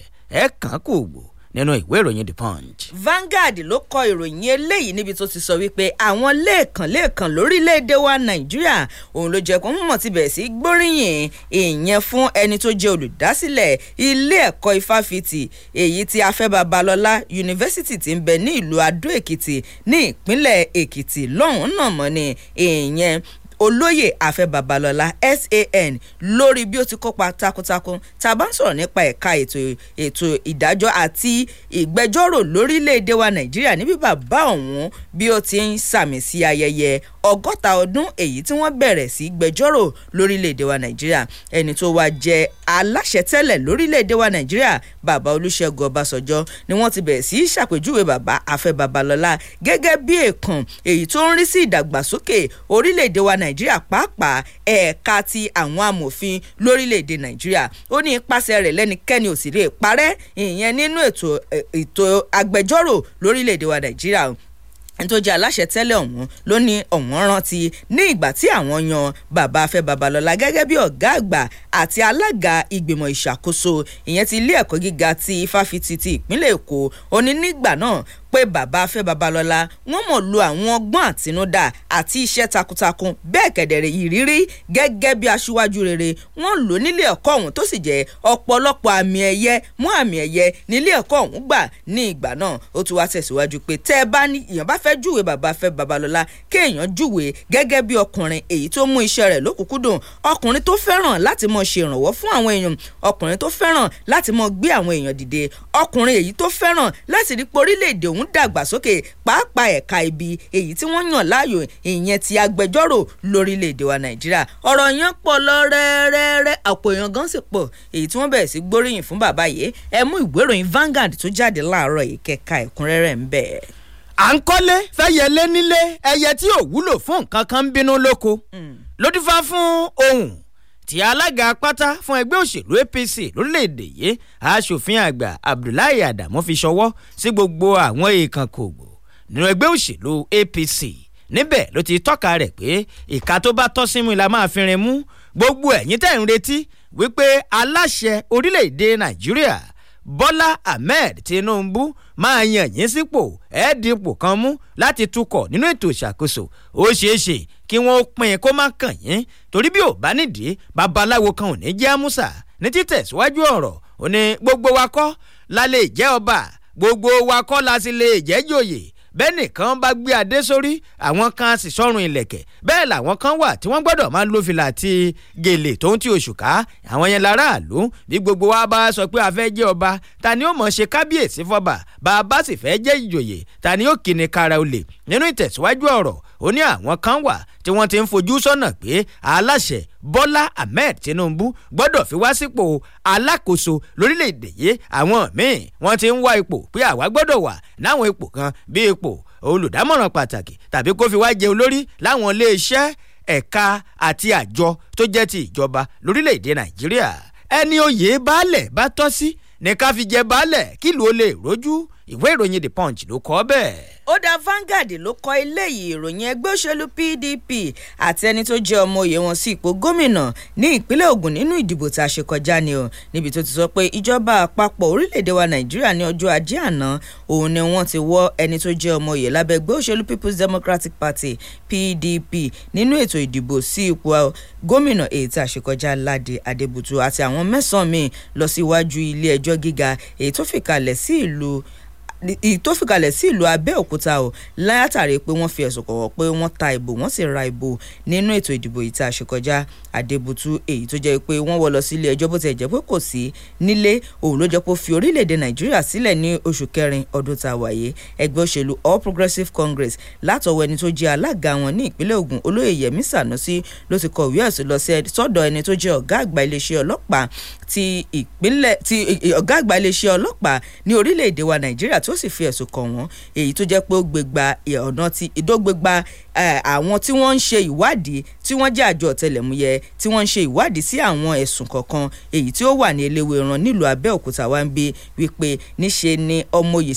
ẹ̀ kàn kò gbòó nínú ìwé ìròyìn the punch. Vanguard ló kọ ìròyìn eléyìí níbi tó ti sọ wípé àwọn lẹ́ẹ̀kan lẹ́ẹ̀kan lórílẹ̀‐èdè wa nàìjíríà òun ló jẹ́ kó mọ̀ ti bẹ̀rẹ̀ sí gbóríyìn ìyẹn fún ẹni tó jẹ́ olùdásílẹ̀ ilé ẹ̀kọ́ ifáfitì èyí tí afẹ́ babalọ́lá yunifásitì ti ń bẹ ní ìlú adó èkìtì ní ìpínlẹ̀ èkìtì lọ́hùn-ún náà mọ́ ni ìyẹn olóyè àfẹ babalọla san lórí bí ó ti kópa takuntakun tá a bá ń sọ̀rọ̀ nípa ẹ̀ka ètò ìdájọ́ àti ìgbẹjọ́rò lórílẹ̀‐èdè wa nàìjíríà níbi bàbá ọ̀hún bí ó ti ń sàmì sí ayẹyẹ ọgọ́ta ọdún èyí tí wọ́n bẹ̀rẹ̀ sí gbẹjọ́rò lórílẹ̀ wa nàìjíríà ẹni tó wá jẹ́ aláṣẹ tẹ́lẹ̀ lórílẹ̀‐èdè wa nàìjíríà bàbá olúṣẹ́gun ọbásanjọ́ ni wọ́n ti bẹ̀rẹ̀ sí ṣàpèjúwe bàbá àfẹ babalọla gẹ́gẹ́ bí èèkàn èyí tó ń rí sí ìdàgbàsókè orílẹ̀ wa nàìjíríà nàìjíríà pàápàá ẹ̀ka ti àwọn amòfin lórílẹ̀‐èdè nàìjíríà ó ní ipasẹ̀ rẹ̀ lẹ́nikẹ́ni ò sì lè parẹ́ ìyẹn nínú ètò agbẹjọ́rò lórílẹ̀‐èdè wa nàìjíríà tó jẹ́ aláṣẹ tẹ́lẹ̀ ọ̀hún ló ní ọ̀wọ́n rántí ní ìgbà tí àwọn yan bàbá afẹ́ babalọ́la gẹ́gẹ́ bí ọ̀gá àgbà àti alága ìgbìmọ̀ ìṣàkóso ìyẹn ti ilé ẹ̀kọ́ gíga ti fáfitì ti ìpínlẹ̀ èkó ó ní nígbà náà pé bàbá Afẹ́ Babalọ́lá wọ́n mọ̀ lo àwọn ọgbọ́n àtinúdá àti iṣẹ́ takuntakun bẹ́ẹ̀ kẹ̀dẹ̀rẹ̀ ìrírí gẹ́gẹ́ bí aṣíwájú rere wọ́n lò nílé ẹ̀kọ́ ọ̀hún tó sì jẹ́ ọ̀pọ̀lọpọ̀ àmì ẹ̀yẹ mú àmì ẹ̀yẹ nílé ẹ̀kọ́ ọ̀hún gbà ní ìgbà náà ó tún wá tẹ̀síwájú pé tẹ́ ẹ bá ní èèyàn bá fẹ́ júwe bàbá Afẹ́ Babalọ́lá kéèyàn júwe gẹ́gẹ́ bí ọkùnrin èyí tó mú iṣẹ́ rẹ̀ lókùnkúndùn ọkùnrin tó fẹ́ràn láti mọ ṣe ìrànwọ́ fún àwọn èèyàn ọkùnrin tó fẹ́ràn láti mọ gbé àwọn èèyàn dìde ọkùnrin èyí tó fẹ́ràn láti rí pé ọ̀hún dàgbàsókè pàápàá ẹ̀ka ibi èyí tí wọ́n yàn láàyò ìyẹn ti agbẹjọ́rò lórílẹ̀‐èdè wa nàìjíríà ọ̀rọ̀ yẹn pọ̀ lọ rẹ́rẹ́rẹ́ àpò èèyàn gan sì pọ̀ èyí tí wọ́n bẹ̀rẹ̀ sí gbóríyìn fún bàbá yìí ẹ mú ìwé ìròyìn Vanguard tó jáde láàárọ̀ yìí kẹ́ka ẹ̀kúnrẹ́rẹ́ ń bẹ̀. à ń kọ́lé fẹ́yẹlé nílé ẹyẹ tí ò wúlò fún nǹkan kan ń bínú lóko hmm. lódìfá fún ohun tí alága pátá fún ẹgbẹ́ òṣèlú apc lórílẹ̀‐èdè yìí aṣòfin àgbà abdullahi adamu fi ṣọwọ́ sí gbogbo àwọn èèkàn kògbò nínú ẹgbẹ́ òṣèlú apc níbẹ̀ ló ti tọ́ka rẹ̀ pé ìka tó bá tọ́ símú la máa fi rin mú gbogbo ẹ̀yin tẹ̀ ń retí wípé aláṣẹ orílẹ̀‐èdè nàìjíríà bọ́lá ahmed tinubu máa yan yín sípò ẹ̀ dipò kan mú láti tukọ̀ nínú ètò ìṣàkóso ó ṣeé kí wọ́n ó pín in kó má kàn yín torí bí ò bá nídìí babaláwo kan ò ní jẹ́ àmúsà ní títẹ̀síwájú ọ̀rọ̀ ò ní gbogbo wa kọ́ la lè jẹ́ ọba gbogbo wa kọ́ la sì lè jẹ́ jòyè bẹ́ẹ̀ nìkan bá gbé adé sórí àwọn kan sì sọ́run ìlẹ̀kẹ̀ bẹ́ẹ̀ làwọn kan wà tí wọ́n gbọ́dọ̀ máa ń lo fìlà àti gèlè tó ń ti òṣùká àwọn yẹn láràlú bí gbogbo wa bá sọ pé a fẹ́ jẹ́ ọba ta ni ó mọ̀ ṣe kábíyèsí fọba bá a bá sì fẹ́ jẹ́ ìjòyè ta ni ó kì ní kara olè nínú ìtẹ̀síwájú ọ̀rọ̀ ó ní àwọn kan wà tí wọ́n ti ń fojú sọ́nà pé aláṣẹ Bọ́lá Ahmed Tinubu gbọ́dọ̀ fi wá sípò alákòóso lórílẹ̀‐èdè yìí àwọn míì wọ́n ti ń wá ipò pé àwa gbọ́dọ̀ wà láwọn ipò kan bí ipò olùdámọ̀ràn pàtàkì tàbí kó fi wá jẹ olórí láwọn iléeṣẹ́ ẹ̀ka àti àjọ tó jẹ́ ti ìjọba lórílẹ̀‐èdè Nàìjíríà ẹni oyè baálẹ̀ bá tọ́ sí ní ká fi jẹ baálẹ̀ kílùú ó lè rójú ìwé ìròyìn The Punch ló kọ bẹ́ẹ̀ ó dá Vanguard ló kọ eléyìí ìròyìn ẹgbẹ́ òṣèlú PDP àti ẹni tó jẹ́ ọmọ òye wọn sí ipò gómìnà ní ìpínlẹ̀ Ògùn nínú ìdìbò tá a ṣe kọjá ni o níbi tó ti sọ pé ìjọba àpapọ̀ orílẹ̀-èdè wa Nàìjíríà ní ọjọ́ ajé àná òun ni wọ́n ti wọ́ ẹni tó jẹ́ ọmọ òye lábẹ́ ẹgbẹ́ òṣèlú People's Democratic Party PDP nínú ètò ìdìbò sí ipò gómìnà èyí tá a ṣe kọjá Ládi Adébùtú àti àwọn mẹ́sàn-án míì lọ tó fìkalẹ̀ sí ìlú Abẹ́òkúta o látàrí pé wọ́n fi ẹ̀sùn kọ̀wọ́ pé wọ́n ta ìbò wọ́n sì ra ìbò nínú ètò ìdìbò yìí tá a ṣe kọjá Adébútú èyí tó jẹ́ pé wọ́n wọ́ lọ sí ilé ẹjọ́ bó ti jẹ́ pé kò sí nílé òun ló jẹ́ pé ó fi orílẹ̀-èdè Nàìjíríà sílẹ̀ ní oṣù kẹrin ọdún tá a wà ẹgbẹ́ òṣèlú All Progressives Congress látọwọ́ ẹni tó jẹ́ alága wọn ní ìpínlẹ̀ Ògùn olóyè Yẹmí Sànúsí ló ti kọ ìwé ẹ̀sùn lọ sọ́dọ̀ ẹni tó jẹ́ ọ̀gá àgbà iléeṣẹ́ ọlọ́pàá ti ìpínlẹ̀ ti ọ̀gá àgbà iléeṣẹ́ ọlọ́pàá ní orílẹ̀-èdè wa Nàìjíríà tí ó sì fi ẹ̀sùn kàn wọ́n èyí tó jẹ́ pé ó gbégbá ọ̀nà ti ìdógbégbá àwọn tí wọ́n ń ṣe ìwádìí tí wọ́n jẹ́ àjọ ọ̀tẹlẹ̀múyẹ́ tí wọ́n ń ṣe ìwádìí sí àwọn ẹ̀sùn kọ̀ọ̀kan èyí tí ó wà ní eléwéran nílùú Abẹ́òkúta wa ń bí wípé níṣe ni ọmọye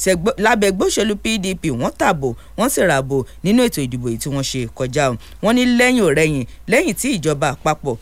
lábẹ́ gbóṣèlú PDP wọ́n tàbò wọ́n sì ràbò nínú ètò ìdìbò èyí tí wọ́n ṣe kọjá wọ́n ní lẹ́yìn ọ̀rẹ́yìn lẹ́yìn tí ìjọba àpapọ̀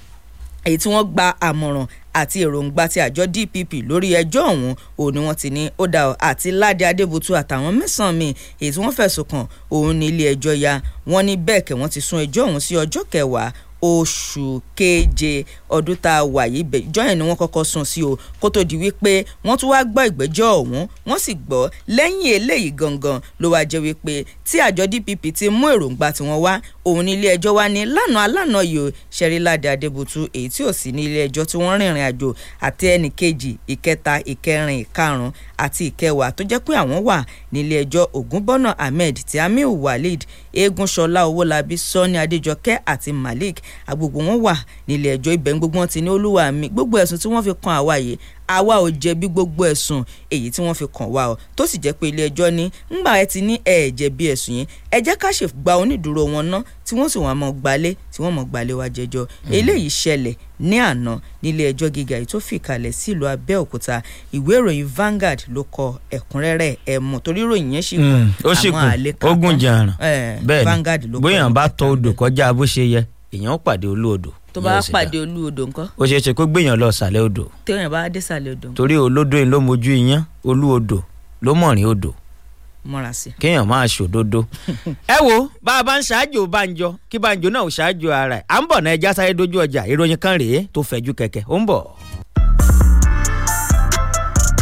èyí tí wọ́n gba àmọ̀ràn àti èròǹgbà ti àjọ DPP lórí ẹjọ́ ọ̀hún òun ni wọ́n ti ní ó dà ọ́ àti Ládi Adébùtú àtàwọn mẹ́sàn-án míì èyí tí wọ́n fẹ̀sùn kàn òun ní ilé ẹjọ́ ya wọ́n ní bẹ́ẹ̀ kẹ́ wọ́n ti sún ẹjọ́ ọ̀hún sí ọjọ́ kẹwàá oṣù keje ọdún tá a wà yìí bẹ̀ ìjọ yẹn ni wọ́n kọ́kọ́ sùn sí o kó tó di wípé wọ́n tún wá gbọ́ ìgbẹ́jọ́ ọ̀hún wọ́n sì gbọ́ lẹ́yìn eléyìí gangan ló wáá jẹ́ wípé tí àjọ DPP ti mú èròǹgbà tiwọn wá òun ní ilé ẹjọ́ wá ní lánàá alánàá yìí o Ṣẹ̀ríládé Adébùtú èyí tí ò sí ní ilé ẹjọ́ tí wọ́n rìnrìn àjò àti ẹnì kejì ìkẹta ìkẹrin ìkarùn àti ìkẹwàá tó jẹ́ pé àwọn wà nílé ẹjọ́ Ògúnbọ́nà Ahmed Tìámíù Walid Eégúnṣọlá Owólabí Sọ́ni Adéjọkẹ́ àti Malik àgbègbè wọn wà nílé ẹjọ́ ibẹ̀ ń gbogbo wọn ti ní olúwa mi gbogbo ẹ̀sùn tí wọ́n fi kan àwa yìí àwa ò jẹ̀bi gbogbo ẹ̀sùn èyí tí wọ́n fi kàn wá ọ tó sì jẹ́ pé ilé ẹjọ́ ní ńgbà ẹ ti ní ẹ jẹ̀bi ẹ̀sùn yìí ẹ jẹ́ ká ṣe gba onídùúró wọn ná tí wọ́n sì wọ́n mọ̀ gbalé tí wọ́n mọ̀ gbalé wa jẹjọ́ hmm. eléyìí ṣẹlẹ̀ ní àná nílé ẹjọ́ gíga yìí tó fìkàlẹ̀ sílùú Abẹ́òkúta ìwé ìròyìn Vanguard ló kọ ẹ̀kúnrẹ́rẹ́ ẹ̀ mọ̀ torí ròyìn yẹn ṣìkùn hmm, àwọn àlékà ó gùn jàǹrà bẹ́ẹ̀ ni bóyá bá tọ odò kọjá bó ṣe yẹ èèyàn ó pàdé olú odò. tó bá pàdé olú odò ńkọ́. ó ṣeé ṣe kó gbèyàn lọ sàlẹ̀ odò. téèyàn bá dé sàlẹ̀ odò. torí olódò yìí ló mojú iyán olú odò ló mọ̀rin odò. mọ́ra sí. kéèyàn máa ṣòdodo. ẹ wo bá a bá ń ṣáájú banjo kí banjo náà ò ṣáájú ara ẹ̀ à ń bọ̀ náà ẹja sáré dojú ọjà ìròyìn kan rèé tó fẹ̀jú kẹ̀kẹ́ ó ń bọ̀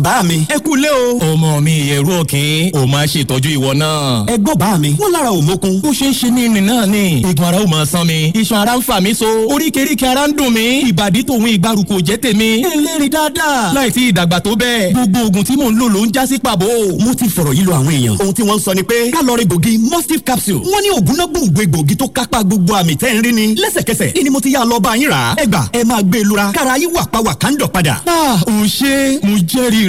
bá mi. ẹ kú lé o. ọmọ mi ìyẹ̀rú òkín o máa ṣètọ́jú ìwọ náà. ẹ gbọ́ bá mi. wọ́n lára ò mókun. ó ṣe ń ṣe ní ìrìn náà ni. igun ara ò máa san mi. iṣan ara ń fà mí so. oríkèéríkèé ara ń dùn mí. ìbàdí tòun ìgbàrú kò jẹ́ tèmi. eléèrè dáadáa. láì sí ìdàgbà tó bẹ́ẹ̀. gbogbo oògùn tí mò ń lò ló ń já sí pàbó. mo ti fọ̀rọ̀ yí lọ àwọn èèyàn. ohun tí wọ́n sọ ni pé kálọ̀rì gbòógì mustif capsule. wọ́n ní e lura. kára yín wà pa ah ò ṣe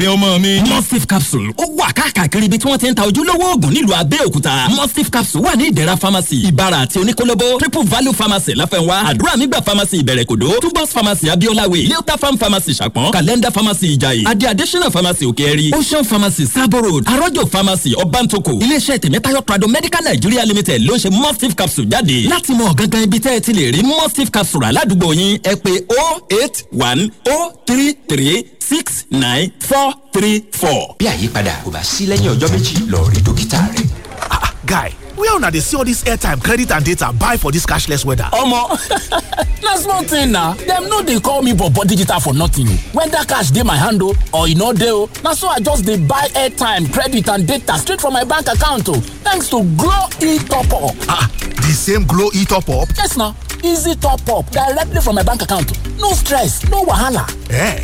rẹ ọmọ mi. mustif capsule ó wà káàkiri ibi tí wọ́n ti ń ta ojúlówó oògùn nílùú abẹ́òkúta mustif capsule wà ní ìdẹ̀ra pharmacy ìbára àti oníkólóbó triple value pharmacy láfẹ́nwá àdúrà mígbà pharmacy ìbẹ̀rẹ̀kòdó tubos pharmacy abiolawe leota farm pharmacy ṣàpọ̀n calendar pharmacy ìjàyè Adi additional pharmacy òkèèrè ocean pharmacy sabo road arọ́jọ pharmacy ọbántoko iléeṣẹ́ tèmítáyọ̀ prado medical nigeria limited ló ń ṣe mustif capsule jáde láti mọ gangan ibi tẹ́ ẹ ti lè rí mustif capsule aládùúgbò yín ẹ pé 081 six nine four three four. bí àyípadà kò bá sí lẹ́yìn ọjọ́ méjì lọ rí dókítà rẹ̀. Ah, ah, guy where una dey see all this airtime credit and data buy for this cashless weather? omo na small thing na dem no dey call me bobo digital for nothing when that cash dey my hand o or e no dey o na so i just dey buy airtime credit and data straight from my bank account o thanks to glo etop up. ah the same glo etop up? yes na easy top up directly from my bank account no stress no wahala. Eh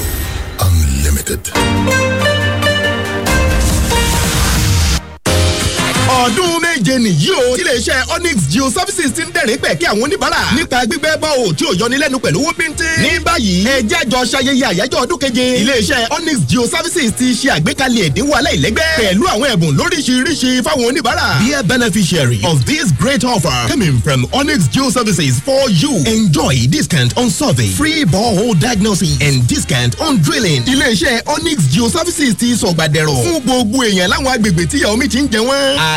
Limited. ọdún méje nìyí o iléeṣẹ́ Onyx Geo ti ń dẹ̀rẹ́ pẹ̀ kí àwọn oníbàárà nípa gbígbẹ́ bọ́ọ̀ tí ò yọnilẹ́nu pẹ̀lú owó píntín. ní báyìí ẹ jẹ́ ṣayẹyẹ àyájọ́ ọdún keje iléeṣẹ́ Onyx Geo ti ṣe àgbékalẹ̀ ẹ̀dínwó aláìlẹ́gbẹ́ pẹ̀lú àwọn ẹ̀bùn lóríṣiríṣi fáwọn oníbàárà. Be a beneficiary of this great offer coming from Onyx Geo Services for you. Enjoy discount on survey, free borehole diagnosis and discount on drilling. iléeṣẹ́ Onyx Geo Services ti sọ̀gbàdẹ̀rọ̀ fún gbogbo èèyàn láwọn agbègbè tíyàwó mi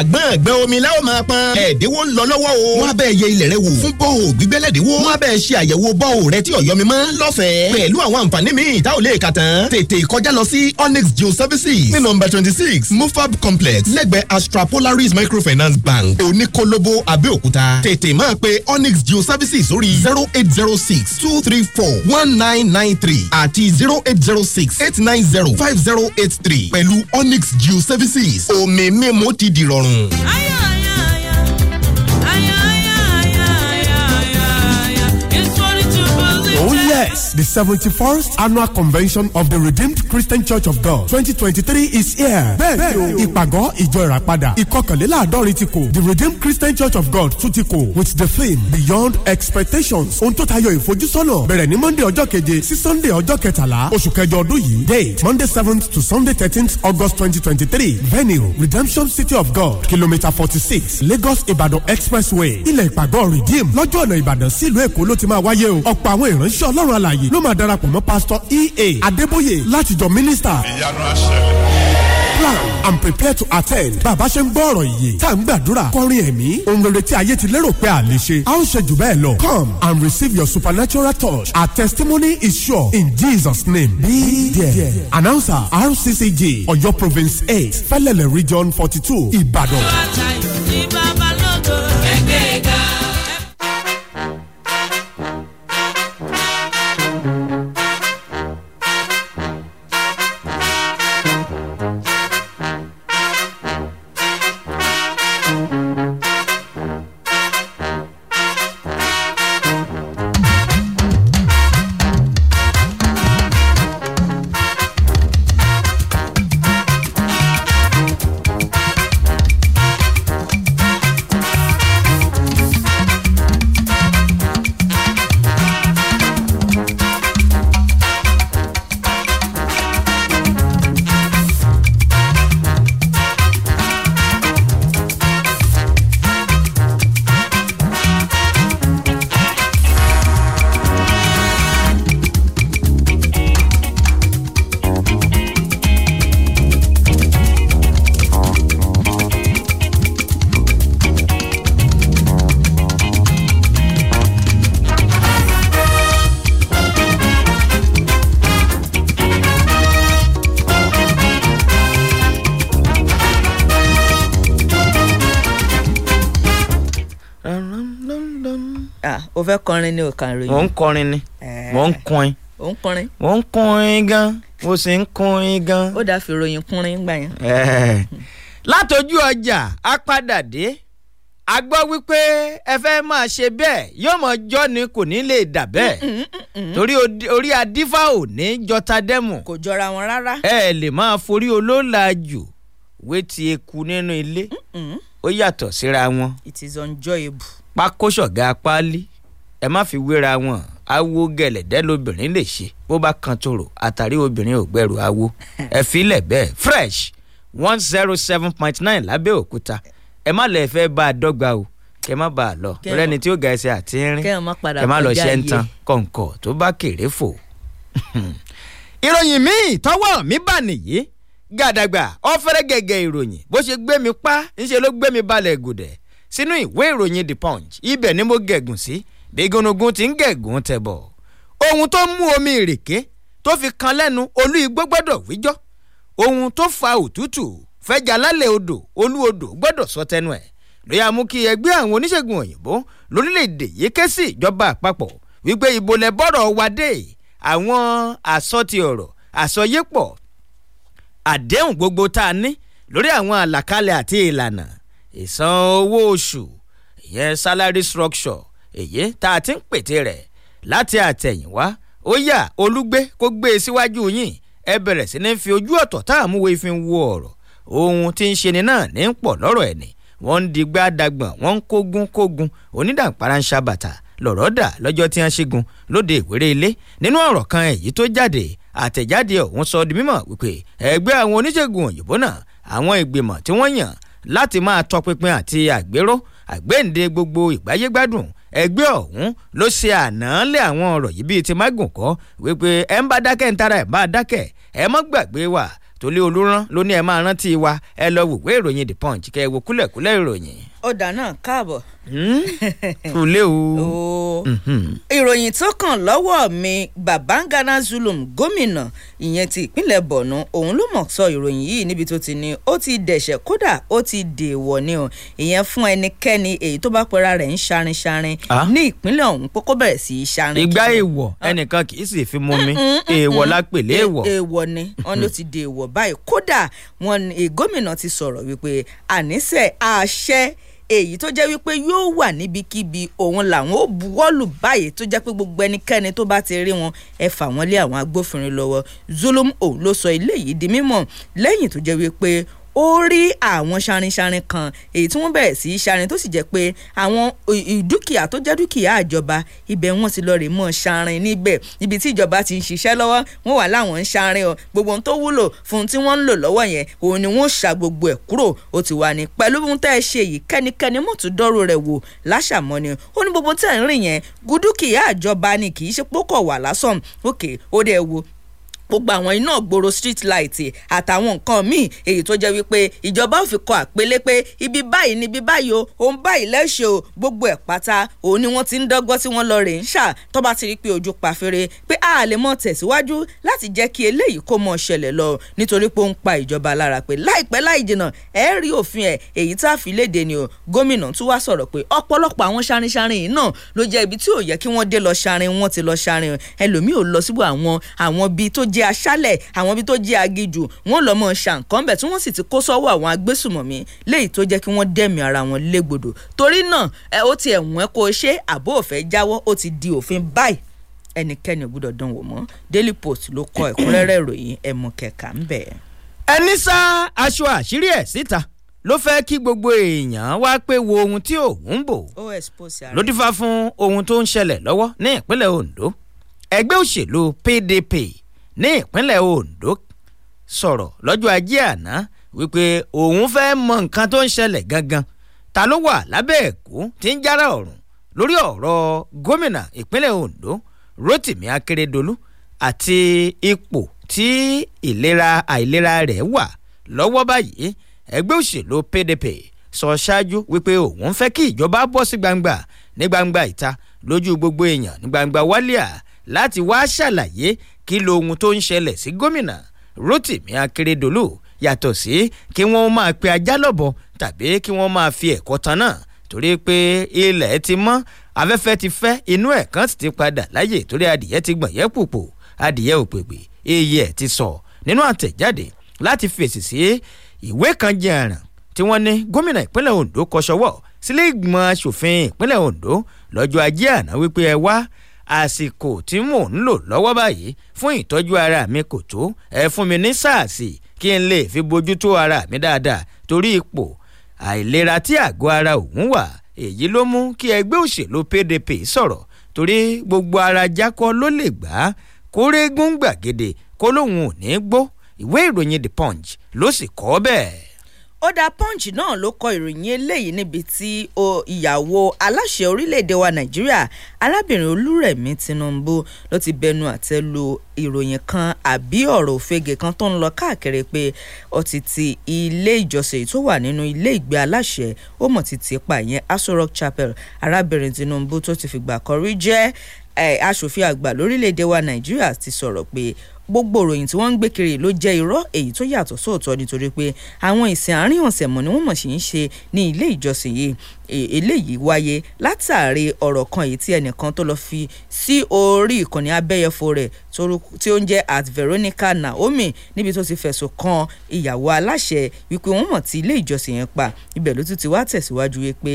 àgbọn ẹgbẹ́ omi la ó máa pọn. ẹ̀dínwó ń lọ lọ́wọ́ o. wọ́n á bẹ̀ yẹ ilẹ̀ rẹ wò fún bọ́ọ̀ gbígbẹ́lẹ̀dínwó. wọ́n á bẹ̀ ṣe àyẹ̀wò bọ́ọ̀ rẹ tí ọ̀yọ́ mi mọ́ lọ́fẹ̀ẹ́. pẹ̀lú àwọn àǹfààní míì tá ò lè kà tán. tètè kọjá lọ sí Onyx Geo Services ní nọ́mbà twenty six Mufab Complex lẹ́gbẹ̀ẹ́ Astra Polaris Microfinance Bank Oníkólóbó Abẹ́òkúta. tètè máa pe Onyx Geo Services sórí zero eight zero six two three four one nine nine three àti zero eight zero six eight nine zero five zero eight three pẹ̀lú Onyx Geo Services omi mímu ti dìrọ̀rùn. 哎呀！Yes, the 71st annual convention of the Redeemed Christian Church of God 2023 is here. Bẹ́ẹ̀ni o, ìpàgọ́ ìjọ ìràpadà ìkọkànléláàádọ́rin ti kò. The Redeemed Christian Church of God tún ti kò with the theme Beyond Expectations. Ohun tó tayọ ìfojúsọ́nà bẹ̀rẹ̀ ní Monday ọjọ́ keje sí Sunday ọjọ́ kẹtàlá oṣù kẹjọ ọdún yìí. Date Monday seventh to Sunday thirteenth August 2023. Venue Redemption City of God kilometre forty-six Lagos Ibadan Expressway. Ilẹ̀ ìpàgọ́ Redeemed lọ́jọ́ ọ̀nà Ìbàdàn sílùú Èkó ló ti máa wáyé o. Ọ̀pọ̀ àwọn ìránṣẹ́ ọlọ́run àlàyé ló máa darapọ̀ mọ́ pásítọ̀ ea adébóyè láti jọ mínísítà. ìyanu àṣẹlẹ̀ plan and prepare to attend. bàbá ṣe ń gbọ́ ọ̀rọ̀ yìí tá à ń gbàdúrà kọrin ẹ̀mí ohun rere tí ayé ti lérò pé a lè ṣe a ó ṣe jù bẹ́ẹ̀ lọ. come and receive your supernatural touch our testimony is sure in Jesus name be there. announcer RCCG Ọ̀yọ́ province eight Fẹ́lẹ́lẹ̀ region forty two Ìbàdàn. kọrin ni o kàn ròyìn. mò ń kọrin ni eh. mò ń kọrin. ò ń kọrin. mò ń kọrin gan mo sì ń kọrin gan. ó dàá fi ròyìn kúnrin gbà yẹn. Eh. látọjú ọjà a padà dé a gbọ́ wípé ẹ fẹ́ máa ṣe bẹ́ẹ̀ yóò mọ jọ́ ni kò ní lè dà bẹ́ẹ̀ mm, mm, mm, torí orí adífá ò ní jọta dẹ́mu. kò jọra wọn rárá. ẹ lè máa forí olólàjù wétí eku nínú ilé ó yàtọ̀ síra wọn. it is enjoyable. pákó ṣọ̀gá páálí ẹ má fi wéra wọn awo gẹ̀lẹ̀dẹ́ lobìnrin lè ṣe bó bá kan tòrò àtàrí obìnrin ò gbẹ̀rù awo ẹ filẹ̀ bẹ́ẹ̀ fresh one zero seven point nine lábẹ́ òkúta ẹ má lè fẹ́ bá a dọ́gba o kẹ má bàa lọ rẹni tí ó ga ẹsẹ̀ àti rin kẹ má lọ ṣe ń tan kọ̀ǹkọ̀ tó bá kéré fò. ìròyìn míì tọ́wọ́ mi bà nìyí gàdàgbà ọ̀fẹ́rẹ́ gẹ̀gẹ̀ ìròyìn bó ṣe gbé mi pa ńṣe ló gbé mi balẹ̀ gùdẹ̀ sínú ìwé ìròyìn the punch ibẹ̀ ni mo gẹ̀gùn sí bígunugun ti ń gẹ̀gùn tẹ̀bọ̀ ohun tó mú omi ìrèké tó fi kan lẹ́nu olú igbó gbọ́dọ̀ wíjọ́ ohun tó fa òtútù fẹjà lálẹ́ odò olú odò gbọ́dọ̀ sọ tẹnu ẹ̀ ló yá mú kí ẹgbẹ́ àwọn oníṣègùn òyìnbó lórílẹ̀‐èdè yìí ké sí ìjọba àpapọ̀ wípé ìbò lẹ bọ́rọ̀ wa dé àwọn àsọtì ọ̀rọ̀ àsọyépọ̀ àdéhùn gbogbo tá a ní lórí àwọn àlàkalẹ̀ àti ìlànà ìsan owó oṣù ìyẹn salary structure èyí tá a ti ń pète rẹ̀ láti àtẹ̀yìnwá ó yà olúgbé kó gbé e síwájú yín ẹ bẹ̀rẹ̀ sí ní fi ojú ọ̀tọ̀ tá a múwe fi ń wo ọ̀rọ̀ ohun tí ń ṣeni náà ní pọ̀ lọ́rọ̀ ẹ̀ ni wọ́n ń digbá dagbọ̀n wọ́n ń kógun kógun onídàǹpara ń ṣàbàtà lọ̀rọ̀ dà lọ́jọ́ tí wọ́n ṣígun lóde ìwéré ilé nínú ọ̀rọ̀ kan èyí tó jáde àtẹ̀jáde ọ̀hún sọ di mímọ̀ wípé ẹgbẹ́ àwọn oníṣègùn òyìnbó náà àwọn ìgbìmọ̀ tí wọ́n yàn láti máa tọpinpin àti àgbéró àgbéǹde gbogbo ìgbáyégbádùn ẹgbẹ́ ọ̀hún ló ṣe àná lé àwọn ọ̀rọ̀ yìí bíi ti mágùn kọ́ wípé ẹ ń bá dákẹ́ ń tara ẹ̀ bá dákẹ́ ẹ mọ́ gbàgbé wa tolé olúrán ló ní ẹ máa rántí wa ẹ lọ wòwé ìròyìn the punch kẹ́ ẹ wò kúlẹ̀kúlẹ̀ ìròyìn ọ̀dà náà káàbọ̀. kúlẹ̀ hmm? o. Mhm. ìròyìn tó kàn lọ́wọ́ mi babangana zulum gómìnà ìyẹn ti ìpínlẹ̀ borno òun ló mọ̀ sọ ìròyìn yìí níbi tó ti ní ó ti dẹ̀ṣẹ̀ kódà ó ti dèèwọ̀ ni o ìyẹn fún ẹnikẹ́ni èyí tó bá pera rẹ̀ ń ṣarinṣarin ah. ní ìpínlẹ̀ ọ̀hún pé kó bẹ̀rẹ̀ sí í ṣarin. ìgbà èèwọ̀ ah. ẹnìkan kì í sì fi mú mi èèwọ̀ la pè léèwọ̀. èèwọ̀ ni wọn ló ti dèèwọ̀ báyìí kódà wọn gómìnà ti sọ̀rọ̀ wípé àníṣe àṣẹ èyí tó jẹ́ wípé yóò wà níbikíbi òun làwọn ó buwọ́lù báyìí tó jẹ́ pé gbogbo ẹnikẹ́ni tó bá ti rí wọn ẹ fà wọ́n lé àwọn agbófinró lọ́wọ́ Zulum òun ló sọ ilé yìí di mímọ̀ lẹ́yìn tó jẹ́ wípé ó rí àwọn ṣarinṣarin kan èyí tí wọ́n bẹ̀rẹ̀ sí í ṣarin tó sì jẹ́ pé àwọn dúkìá tó jẹ́ dúkìá ìjọba ibẹ̀ wọ́n ti lọ rè mọ́ ṣarin níbẹ̀ ibi tí ìjọba ti ń ṣiṣẹ́ lọ́wọ́ wọ́n wà láwọn ń ṣarin o gbogbo ohun tó wúlò fún tí wọ́n ń lò lọ́wọ́ yẹn òun ni wọ́n ṣà gbogbo ẹ̀ kúrò ó ti wà ní pẹ̀lú ohun tẹ́ ẹ ṣe yìí kẹ́nikẹ́ni mọ̀ tó dọ́rọ̀ rẹ̀ wò láṣàmọ́ ni ó ní gbogbo tẹ́ ẹ̀ ń rìn yẹn dúkìá ìjọba ni kì í ṣe pókọ̀ wà lásán òkè ó dẹ̀ wo gbogbo àwọn iná gbòòrò street light àtàwọn nǹkan míì èyí tó jẹ́ wípé ìjọba ò fi kọ àpélé pé ibi báyìí níbi báyìí o òun báyìí lẹ́sẹ̀ o gbogbo ẹ̀ pátá òun ni wọ́n ti ń dọ́gbọ́n tí wọ́n lọ rè ń ṣà tó bá ti rí pé ojú pa fèrè pé a lè mọ tẹ̀síwájú láti jẹ́ kí eléyìí kó mọ ṣẹlẹ̀ lọ nítorí pé ó ń pa ìjọba lára pé láìpẹ́ láì jìnà ẹ rí òfin ẹ̀ èyí tá a fi léde ni o gómìnà tún wá sọ̀rọ̀ pé ọ̀pọ̀lọpọ̀ àwọn ṣarinṣarin yìí náà ló jẹ́ ibi tí ò yẹ kí wọ́n dé lọ ṣarin wọ́n ti lọ ṣarin ẹlòmíì ò lọ síbò àwọn àwọn bíi tó jẹ́ aṣálẹ̀ àwọn ibi tó jẹ́ agijù wọ́n lọ́ mọ̀ ṣàǹkàn bẹ̀ tí wọ́n sì ti kó sọ́wọ́ àwọn agbésùmọ̀mí léyìí tó jẹ́ kí wọ́n dẹ̀mí ara wọn légbodò torí náà ẹ ó ti ẹ̀wọ̀n kó o ṣe àbó òfẹ́ jáwọ́ ó ti di òfin báyìí ẹnikẹ́ni ò gbọ́dọ̀ dánwò mọ́ Daily Post ló kọ ẹ̀kúnrẹ́rẹ́ ìròyìn ẹ̀mú kẹ̀kà ń bẹ̀. ẹni sá aṣọ àṣírí ẹ̀ síta ló fẹ́ kí gbogbo èèyàn wá pé wo ohun tí òun bò ló dífá fún ohun tó ń ṣẹlẹ̀ lọ́wọ́ ní ìpínlẹ̀ Ondo ẹgbẹ́ òṣèlú PDP ní ìpínlẹ̀ Ondo sọ̀rọ̀ lọ́jọ́ ajé àná wípé òun fẹ́ mọ nǹkan tó ń ṣẹlẹ̀ gangan ta ló wà lábẹ́ ẹ̀kú tí ń jára ọ̀run lórí ọ̀rọ̀ gómìnà ìpínlẹ̀ Ondo Rotimi Akeredolu àti ipò tí ìlera àìlera rẹ̀ wà lọ́wọ́ báyìí ẹgbẹ́ òṣèlú PDP sọ ṣáájú wípé òun fẹ́ kí ìjọba bọ́ sí gbangba ní gbangba ìta lójú gbogbo èèyàn ní gbangba wálíà láti wá ṣàlàyé kí lohun tó ń ṣẹlẹ̀ sí gómìnà Rotimi Akeredolu yàtọ̀ sí kí wọ́n máa pe ajá lọ́bọ tàbí kí wọ́n máa fi ẹ̀kọ́ tan náà torí pé ilẹ̀ ti mọ́ afẹ́fẹ́ ti fẹ́ inú ẹ̀ kan sì ti padà láyè torí adìyẹ ti gbọ̀nyẹ́ pòpò adìyẹ òpègbè iye ẹ̀ ti sọ nínú àtẹ̀jáde láti fèsì sí ìwé kan jẹ́ tí wọ́n ní gómìnà ìpínlẹ̀ Ondo kọ sílé ìgbìmọ̀ asòfin ìpínlẹ̀ Ondo lọ́jọ́ ajé àná wípé ẹ wá àsìkò tí mò ń lò lọ́wọ́ báyìí fún ìtọ́jú ara mi kò tó ẹ fún mi ní sáàsì kí n lè fi bójútó ara mi dáadáa torí ipò àìlera tí àgọ́ ara òun wà èyí ló mú kí ẹgbẹ́ òṣèlú PDP sọ̀rọ̀ torí gbogbo ara jákọ́ ló lè gbà á kórégún gbàgede kó lóun ò ní gbó ìwé ìròyìn The Punch ló sì kọ bẹ́ẹ̀ ó dá punch náà ló kọ ìròyìn eléyìí níbi tí ìyàwó aláṣẹ orílẹ̀-èdè wa nàìjíríà arábìnrin olúrẹ̀mí tinubu ló ti bẹnu àtẹ́ lu ìròyìn kan àbí ọ̀rọ̀ òfegè kan tó ń lọ káàkiri pé ọtí ti ilé ìjọsìn tó wà nínú ilé ìgbé aláṣẹ ó mọ̀ ti tì pa ìyẹn aso rock chapel arábìnrin tinubu tó ti fìgbà kan rí jẹ́ eh, aṣòfin àgbà lórílẹ̀‐èdè wa nàìjíríà ti sọ̀rọ̀ pé gbogbo ìròyìn tí wọ́n ń gbé kiri ló jẹ́ irọ́ èyí tó yàtọ̀ sóòótọ́ nítorí pé àwọn ìsìn àárín ọ̀sẹ̀ mọ̀ ni wọ́n mọ̀ sí ń ṣe ní ilé ìjọsìn yìí e, eléyìí wáyé látàrí ọ̀rọ̀ kan èyí tí ẹnìkan tó lọ fi sí orí ìkànnì abẹ́yẹfò rẹ̀ tí ó ń jẹ́ at Veronica Naomi níbi tó ti fẹ̀sùn kan ìyàwó aláṣẹ wípé wọ́n mọ̀ tí ilé ìjọsìn yẹn pa ibẹ̀ ló tún ti wá tẹ̀síwájú wípé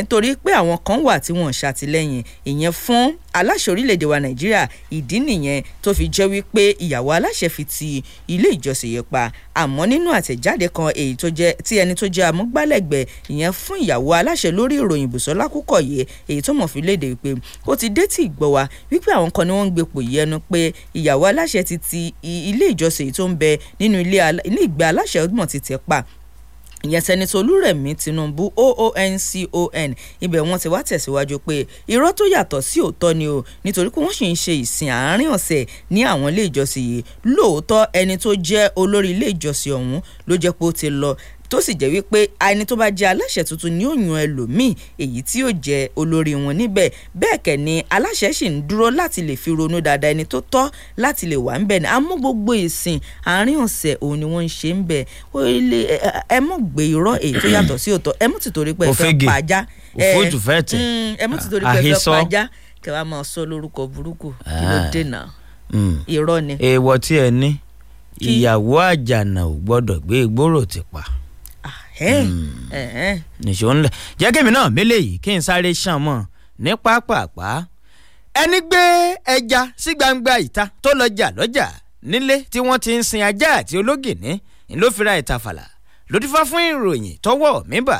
nítorí pé àwọn kan wà tí wọ́n ń ṣàtìlẹ́yìn ìyẹn fún aláṣẹ orílẹ̀-èdè wa nàìjíríà ìdí nìyẹn tó fi jẹ́ wípé ìyàwó aláṣẹ fi ti ilé ìjọsìn yẹn pa àmọ́ nínú àtẹ̀jáde kan èyí tó jẹ́ tí ẹni tó jẹ́ amúgbálẹ́gbẹ̀ẹ́ ìyẹn fún ìyàwó aláṣẹ lórí ìròyìn Bùsọ́lá Kúkọ̀yé èyí tó mọ̀ fi léde pé ó ti dé tí ìgbọ́ wa wípé àwọn kan ni wọ́n ń gbepò yìí ẹnu pé ìyàwó aláṣẹ ti ti ilé ìjọsìn tó ń bẹ nínú ilé ìgbé aláṣẹ ọdún ti tẹ̀ pa ìyẹn sẹ́ni Olúrẹ̀mí Tinubu OONCON ibẹ̀ wọ́n ti wá tẹ̀síwájú pé irọ́ tó yàtọ̀ sí òótọ́ ni o nítorí pé wọ́n sì ń ṣe ìsìn àárín ọ̀sẹ̀ ní àwọn ilé ìjọsìn yìí lóòótọ́ ẹni tó jẹ́ olórí ilé ìjọsìn ọ̀hún ló jẹ́ pé ó ti lọ tó sì jẹ́ wípé ẹni tó bá jẹ́ aláṣẹ tuntun ni ó yan ẹlòmíì èyí tí yóò jẹ́ olórí wọn níbẹ̀ bẹ́ẹ̀ kẹ̀ ni aláṣẹ sì ń dúró láti lè fi ronú dáadáa ẹni tó tọ́ láti lè wà ń bẹ̀ ni àmọ́ gbogbo ìsìn àárín ọ̀sẹ̀ òun ni wọ́n ń ṣe ń bẹ̀ ẹ mọ̀ gbé irọ́ èyí tó yàtọ̀ sí òótọ́ ẹ mọ̀ tìtorí pé fẹ́ pàjá ẹ mọ̀ tìtorí pé fẹ́ pàjá kẹwàá máa sọ lórúkọ burúkú kí ló ah. dènà hmm. irọ́ ni. èèwọ̀ tí ẹ ní ìyàwó àjànà ò nìṣó hmm. ńlẹ jẹ́ kí èmi náà mélé yìí kí n sáré ṣàn mọ́ ní pápápá ẹni gbé ẹja sí gbangba ìta tó lọ́jà lọ́jà nílé tí wọ́n ti ń sin ajá àti ológìní ló fira ìtafàlà ló dífá fún ìròyìn tọ́wọ́ mi bà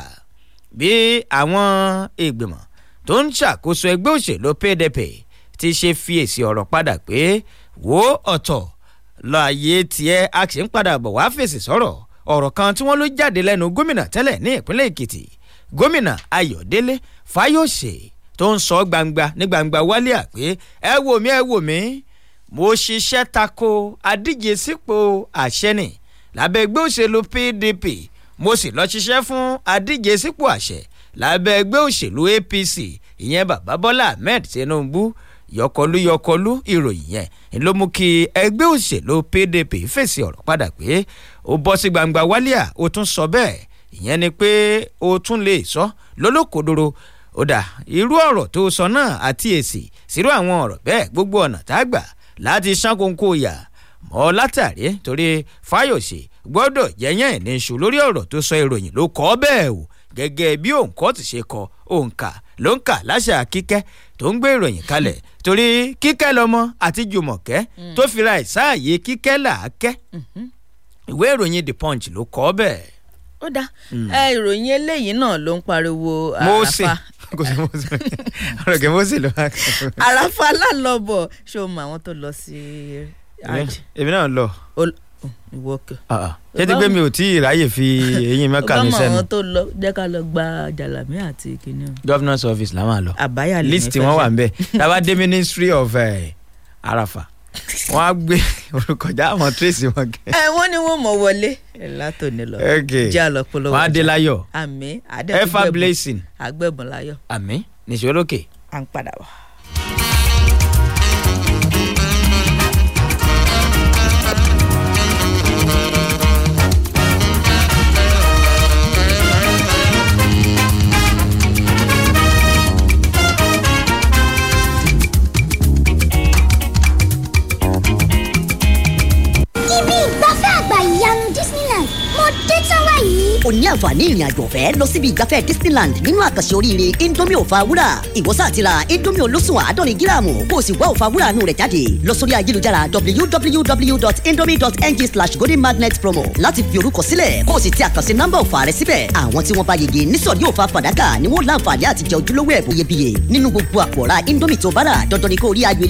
bí àwọn ìgbìmọ̀ tó ń ṣàkóso ẹgbẹ́ òṣèlú PDP ti ṣe fi èsì ọ̀rọ̀ padà pé wo ọ̀tọ̀ láàyè tiẹ̀ a sì ń padà bọ̀ wá fèsì sọ̀rọ̀ ọ̀rọ̀ kan tí wọ́n ló jáde lẹ́nu gómìnà tẹ́lẹ̀ ní ìpínlẹ̀ èkìtì gómìnà ayọ̀délé fáyọ̀ṣe tó ń sọ gbangba ní gbangba wálíà pé ẹ wò mí ẹ wò mí mo ṣiṣẹ́ tako adíje sípò àṣẹ ni lábẹ́ ẹgbẹ́ òṣèlú pdp mo sì lọ ṣiṣẹ́ fún adíje sípò àṣẹ lábẹ́ ẹgbẹ́ òṣèlú apc ìyẹn bàbá bọ́lá ahmed tinubu yọkọlúyọkọlú ìròyìn yẹn ló mú kí ẹgbẹ́ òṣèlú PDP fèsì ọ̀rọ̀ padà pé ó bọ́ sí gbangba wálíà ó tún sọ bẹ́ẹ̀ ìyẹn ni pé ó tún lè sọ lólókòdoro ó dà irú ọ̀rọ̀ tó sọ náà àti èsì sírú àwọn ọ̀rọ̀ bẹ́ẹ̀ gbogbo ọ̀nà tá a gbà láti ṣán kóńkó yà mọ́ látàrí torí Fáyọ̀sé gbọ́dọ̀ jẹ́yàn ẹ̀ lórí ọ̀rọ̀ tó sọ ìròyìn ló kọ́ bẹ́ẹ̀ o gẹ́gẹ́ bí òǹkọ́ ti ṣe kọ òǹkà ló ń kà láṣà kíkẹ́ tó ń gbé ìròyìn kalẹ̀ torí kíkẹ́ lọ́mọ àti jùmọ̀kẹ́ mm. tó fira ẹ̀ sáàyè kíkẹ́ làákẹ́ mm-hmm. ìwé ìròyìn the punch ló kọ ọ́ bẹ́ẹ̀. ó dá mm. ìròyìn eléyìí náà ló ń pariwo àràfà kò sí mọ́sí ọ̀rọ̀ kí mọ́sí ló wá àràfà lálọ́bọ̀ ṣé o mọ àwọn tó lọ sí. èmi náà lọ. ìwọ kẹ. Ah, ah ṣé ti pé mi ò tí ì ráyè fi eyín mẹ́ka mi sẹ́nu. ọgọ́mọ̀ tó lọ jẹ́ ká lọ gba jalami àti kìnìún. governor's office la máa lọ àbáyálé list wọn wà nbẹ tàbá dé ministry of eh, arafa wọn á gbé olùkọjá àwọn tracy wọn kẹ. ẹ wọn ni wọn mọ wọlé látòní lọ jẹ àlọpọlọ wọn. wọn á dé láyọ̀ àmín ẹfà blessing àgbẹ̀bùn láyọ̀ àmín nìṣó lókè. à ń padà wá. o ní àǹfààní ìrìnàjò ọ̀fẹ́ lọ síbi ìgbafẹ́ Disneyland nínú àkànṣe oríire Indomie òfa wúrà ìwọ́sà àti ra Indomie olóṣùn àádọ́rin gíráàmù kó o sì wá òfa wúrà nù rẹ̀ jáde lọ sórí ayélujára www.indomie.ng/goldenmagnetpromo láti fi orúkọ sílẹ̀ kó o sì ti àkànṣe nọ́mbà òfa rẹ̀ síbẹ̀ àwọn tí wọ́n bá yege nísọ̀rí òfa fàdákà ni wọ́n láǹfààní àti jẹ ojúlówó ẹ̀bùn iyebíye nínú gbogbo àpòrá Indomie tó bára dandan ni kó o rí ayò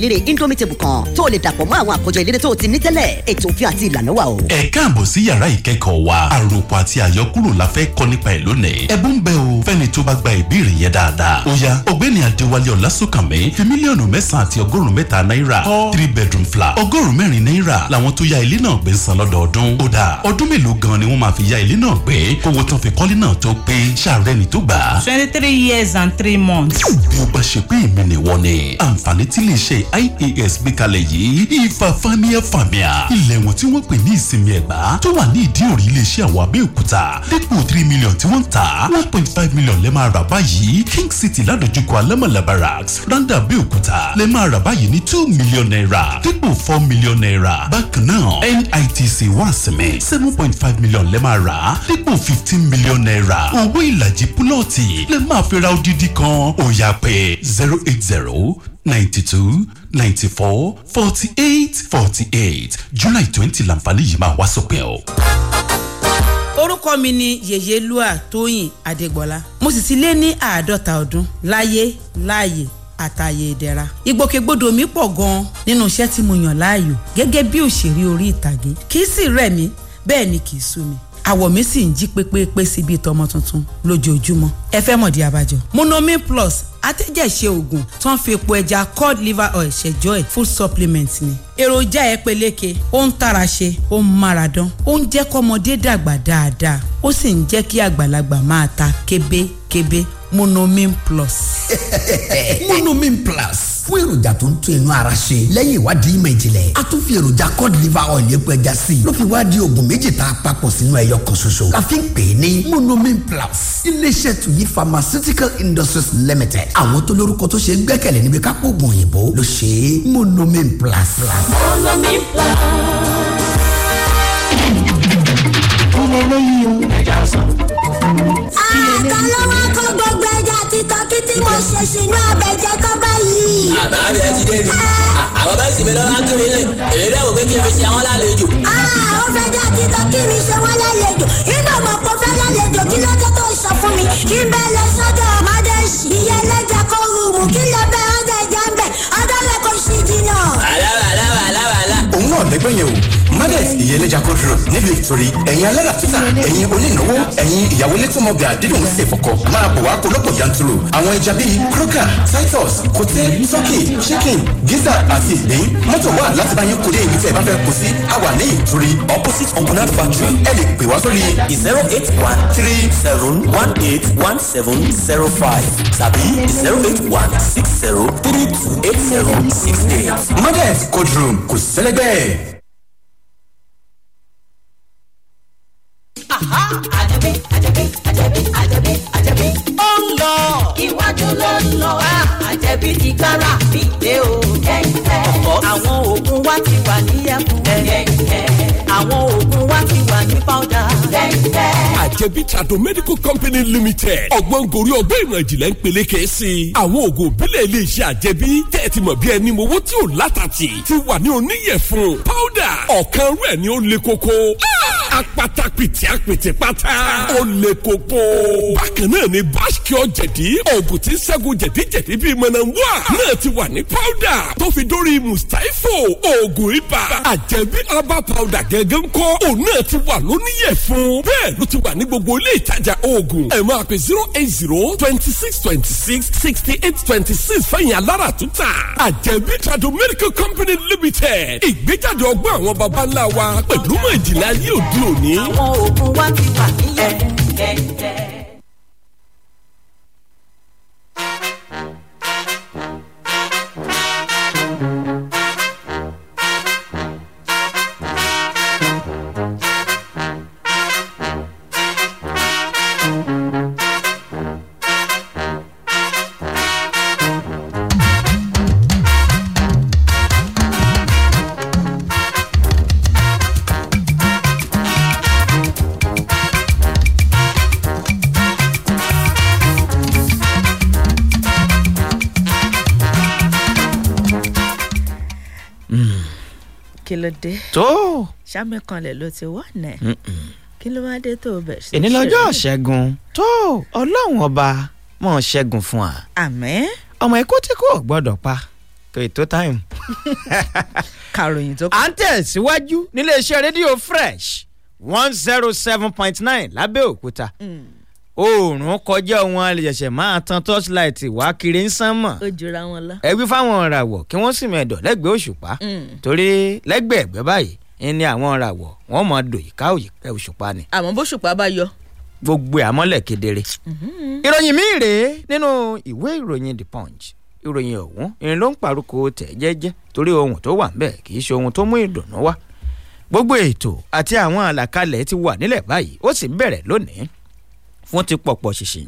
o lè dàpọ̀ mọ́ àwọn àkójọ eléré tó o kúrò la fẹ́ kọ́ nípa ẹ̀ lónìí ẹ̀bùn ń bẹ o fẹ́ni tó bá gba ìbéèrè yẹn dáadáa ó yá ọ̀gbẹ́ni adéwálé ọlásùnkànmí fi mílíọ̀nù mẹ́sàn-án àti ọgọ́rùn-ún mẹ́ta náírà kọ́ three bedroom flat ọgọ́rùn-ún mẹ́rin náírà làwọn tó ya ilé náà gbé ń san lọ́dọọdún ó dà ọdún mélòó gan ni wọ́n máa fi ya ilé náà gbé kówó tán fi kọ́lé náà tó pé ṣàárẹ̀ ni tó gbà. twenty three years and three months. bí o bá ṣe pé èmi dípò three million tí wọ́n ń one point five million lẹ́ máa rà báyìí King City ládojúkọ alámọ̀lá barracks randa Abẹ́òkúta lẹ́ máa rà báyìí ní two million naira dípò four million naira bákan náà NITC wà sẹ́mi seven point five million lẹ́ máa rà dípò fifteen million naira owó ìlàjì púlọ̀tì lẹ́ máa fi ra odidi kan ó pé zero eight zero ninety two ninety four forty eight forty eight July twenty lànfààní yìí máa wá sópin o orúkọ mi ni yèyélúà tóyìn adégbọlá mo sì ti lé ní àádọ́ta ọdún láyé láàyè àtàyè ìdẹ̀ra ìgbòkègbodò mi pọ̀ gan-an nínú iṣẹ́ tí mo yàn láàyò gẹ́gẹ́ bí òṣèré orí ìtàgé kì í sì rẹ̀ mí bẹ́ẹ̀ ni kì í sú mi àwọ̀ mi sì ń jí pépépé síbi ìtọ́mọ tuntun lójoojúmọ́ ẹ fẹ́ mọ̀dí abájọ. monomin plus atẹ́jẹ̀ṣe oògùn tó ń fi epo ẹja cod liver oil ṣẹjọ́ ẹ̀ full supplement ni. èròjà ẹ peléke ó ń tara ṣe ó ń mára dán ó ń jẹ́ kọ́mọdé dàgbà dáadáa ó sì ń jẹ́ kí àgbàlagbà máa ta kébékébé monomin plus. monomin plus fún èròjà tó ń tún inú ara ṣe lẹ́yìn ìwádìí ìmọ̀ ìjìnlẹ̀ a tún fi èròjà cod liver oil epo ẹja sí i ló fi wá di oògùn méjì tá a papọ̀ sínú ẹyọ kan ṣoṣo la fi ń pè é ní monomin plus iléeṣẹ́ tuyi pharmaceutical industries limited àwọn tó lórúkọ tó ṣe ń gbẹ́kẹ̀lé níbi kápò oògùn òyìnbó ló ṣe é monomin plus. monomin plus. kí lè léyìí ẹja sàn. àtàlọ́wọ́ ah, kan gbọ́gbẹ́ ti tọ́kí tí mo ṣe sínú abẹ́jẹ́ kọ́ báyìí. àbá mi ẹ ti dé mi ah. àwọn bá sì mi lọ́wọ́ kí mi lè èyí dẹ́wọ̀ pé kí n fi ṣe àwọn lálejò. Ah, ó fẹ́ jẹ́ ti tọ́kí mi ṣe wọ́n lálejò inú ọmọ kò fẹ́ lálejò kí lọ́jọ́ tó sọ fún mi kí n bẹ lọ sọ́dọ̀ ọmọdé ìyẹn lẹ́jà kọ́ rúùmù kí lọ bẹ ọjà ìjà ń bẹ̀ ọdọ́ rẹ̀ kò sí jìnnà. àyàrá bọ̀ lẹ́gbẹ̀ẹ́ o madès ìyẹlẹ́jà court road níbi ìtòrí ẹ̀yin alára títà ẹ̀yin onínáwó ẹ̀yin ìyàwó létòmọ̀gà dídùn ṣe fọkọ máa bọ̀ wá kólọ́pọ̀ yanturu àwọn ẹja bíi crocker titus kote turkey chicken giza àti ìgbín mọ́tò wà láti bá yín kúlé ibi tẹ́ ẹ sí a ní ìtòrí opposite ogunat factory ẹ lè pè wá sórí zero eight one three seven one eight one seven zero five tàbí zero eight one six zero eight two eight zero six eight market coach room kò sẹ́lẹ̀gbẹ́. àjẹbí àjẹbí àjẹbí àjẹbí àjẹbí. ó ń lọ. iwájú ló ń lọ. àjẹbí ah, ti gbára mi dé o. ọ̀pọ̀ àwọn oògùn wa ti wà ní ẹ̀kún. àwọn oògùn wa ti magic powder. àjẹbí trado medical company limited ọgbọ́n gorí ọgbọ́n ìmọ̀ ìjìnlẹ̀ ń peléke sí i. àwọn oògùn òbílẹ̀ ilé iṣẹ́ àjẹbí tẹ̀ ti mọ̀ bí ẹni mowó tí ò látàtì ti wà ní oníyẹ̀fun powder ọ̀kan rẹ̀ ni ó le koko. Apata pìtì apìtì pata. Ó le koko. Bákan náà ni Báṣkìọ́ jẹ̀dí. Oògùn tí ṣẹ́gun jẹ̀díjẹ̀dí bíi Mọ̀nàmúà. Náà ti wà ní pọ́dà. Tó fi dórí Mùsítáífò. Oògùn ibà. Àjẹbí herbal powder gẹ́gẹ́ ń kọ́. Òun náà ti wà lóníyẹ̀ fún. Bẹ́ẹ̀ ló ti wà ní gbogbo ilé ìtajà oògùn. Ẹ máa pè zero eight zero twenty six twenty six sixty eight twenty six fẹ̀yìn alára tuta. Àjẹbí Trado Medical Company Limited. Ìgbéjáde ọgbọ́n àwọn baba ńlá wa pẹ̀lú mọ̀ ìjìnlẹ̀ ayé òde òní. àwọn oògùn wa ti wà nílẹ̀ kẹ̀kẹ́. dé. tó. sámẹ́kanlẹ̀ ló ti wà nẹ̀. kí ló wá dé tó bẹ̀ sí. èní lọ́jọ́ ṣẹ́gun tó ọlọ́run ọba mọ̀ ṣẹ́gun fún wa. àmín. ọmọ ikú tí kò gbọ́dọ̀ pa kò ètò táìmù. kàròyìn tó kọ. à ń tẹ̀síwájú nílé iṣẹ́ rédíò fresh one zero seven point nine lábẹ́òkúta. Mm oòrùn kọjá wọn a lè ṣẹ̀ṣẹ̀ máa tan torchlight wá kiri ń sán mọ̀. ó jura wọn lọ. ẹ wí fáwọn ìràwọ̀ kí wọ́n sì mẹ́dọ̀ lẹ́gbẹ̀ẹ́ òṣùpá hmm. torí lẹ́gbẹ̀ẹ́ ẹ̀gbẹ́ báyìí ni àwọn ìràwọ̀ wọ́n máa dò yíká òyìnká òṣùpá ni. àmọ́ bóṣùpá bá yọ. gbogbo àmọ́lẹ̀ kedere. Mm-hmm. ìròyìn míì rèé nínú ìwé ìròyìn The Punch ìròyìn ọ̀hún ìrìn ló ń pàrokò tẹ̀ jẹ́jẹ́ torí ohun tó wà ńbẹ̀ kì í ṣe ohun tó mú ìdùnnú wá gbogbo ètò àti àwọn àlàkalẹ̀ ti wà nílẹ̀ báyìí ó sì bẹ̀rẹ̀ lónìí wọ́n ti pọ̀pọ̀ ṣìṣìn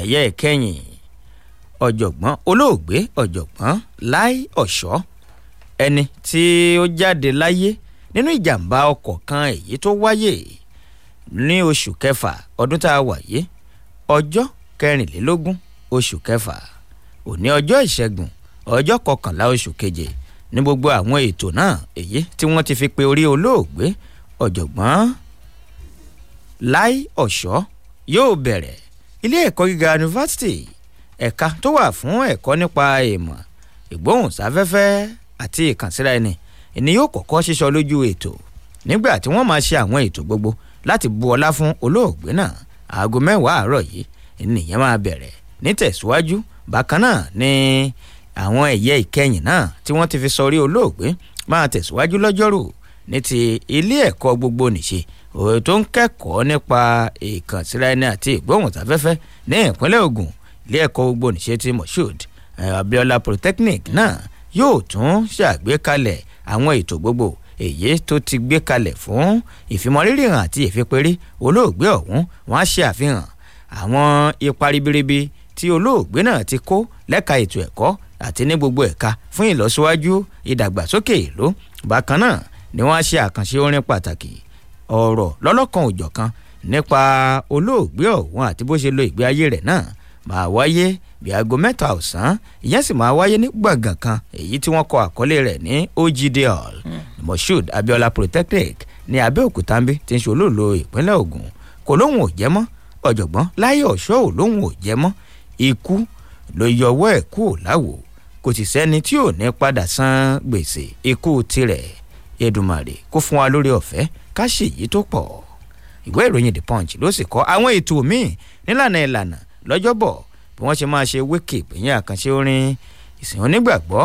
ẹ̀yẹ ìkẹyìn ọ̀jọ̀gbọ́n olóògbé ọ̀jọ̀gbọ́n láì ọ̀ṣọ́ ẹni tí ó jáde láyé nínú ìjàmbá ọkọ̀ kan èyí tó wáyé ní oṣù kẹfà ọdún tá a wà yìí ọjọ́ kẹrìnlélógún oṣù kẹfà òní ọjọ́ ìṣẹ́gun ọjọ́ kọkànlá oṣù keje ní gbogbo àwọn ètò náà èyí tí wọ́n ti fi pe orí olóògbé ọ̀jọ̀gbọ́n láì ọ̀ṣọ́ yóò bẹ̀rẹ̀ ilé ẹ̀kọ́ gíga yunifásitì ẹ̀ka tó wà fún ẹ̀kọ́ nípa ìmọ̀ ìgbóhùnsáfẹ́fẹ́ àti ìkànsíra ẹni ni yóò kọ́kọ́ ṣíṣọ lójú ètò nígbà tí wọ́n máa ṣe àwọn ètò gbogbo láti bu ọlá fún olóògbé náà aago mẹ́wàá àárọ̀ yìí nìyẹn máa bẹ̀rẹ̀ nítẹ̀síwájú bákan náà ni àwọn ẹ̀yẹ ìkẹyìn náà tí wọ́n ti fi sọrí olóògbé máa tẹ̀síwájú lọ́jọ́rùú ní ti ilé ẹ̀kọ́ gbogbo nìṣe òye tó ń kẹ́kọ̀ọ́ nípa ìkànsíra ẹni àti ìgbóhùnsáfẹ́fẹ́ ní ìpínlẹ̀ Ògùn ilé ẹ̀kọ́ gbogbo nìṣe ti Moshood eh, Abiola Polytechnic náà yóò tún ṣàgbékalẹ̀ àwọn ètò gbogbo èyí tó ti gbé kalẹ̀ fún ìfimọ̀rírì hàn àti ìfipérí olóògbé ọ̀hún wọ́n á ṣe àfihàn àwọn ipa ribiribi tí olóògbé náà ti kó lẹ́ka ètò ẹ̀kọ́ àti ní gbogbo ẹ̀ka fún ìlọsíwájú ìdàgbàsókè ìlú bákan náà ni wọ́n á ṣe àkànṣe orin pàtàkì ọ̀rọ̀ lọ́lọ́kan òjọ̀kan nípa olóògbé ọ̀hún àti bó ṣe lo ìgbé ayé rẹ̀ náà máa wáyé bí aago mẹ́ta ọ̀sán ìyẹn sì máa wáyé ní gbọ̀ngàn kan èyí tí wọ́n kọ àkọlé rẹ̀ ní ogd hall hmm. moshood abiola polytechnic ní abẹ́òkúta ń bí ti ń ṣe olóòlò ìpínlẹ̀ ogun kò lóhùn ò jẹ́ mọ́ ọ̀jọ̀gbọ́n láyé ọ̀ṣọ́ ò lóhùn ò jẹ́ mọ́ ikú ló yọwọ́ ẹ̀ kú ò kò sì sẹ́ni tí ò ní padà san gbèsè ikú tirẹ̀ Èdùmàrè kó fún wa lórí ọ̀fẹ́ káṣíyí tó pọ̀ ìwé ìròyìn the punch ló sì kọ àwọn ètò míì nílànà ìlànà lọ́jọ́bọ̀ bí wọ́n ṣe máa ṣe wíkì ìpínyà àkànṣe orin ìsìn onígbàgbọ́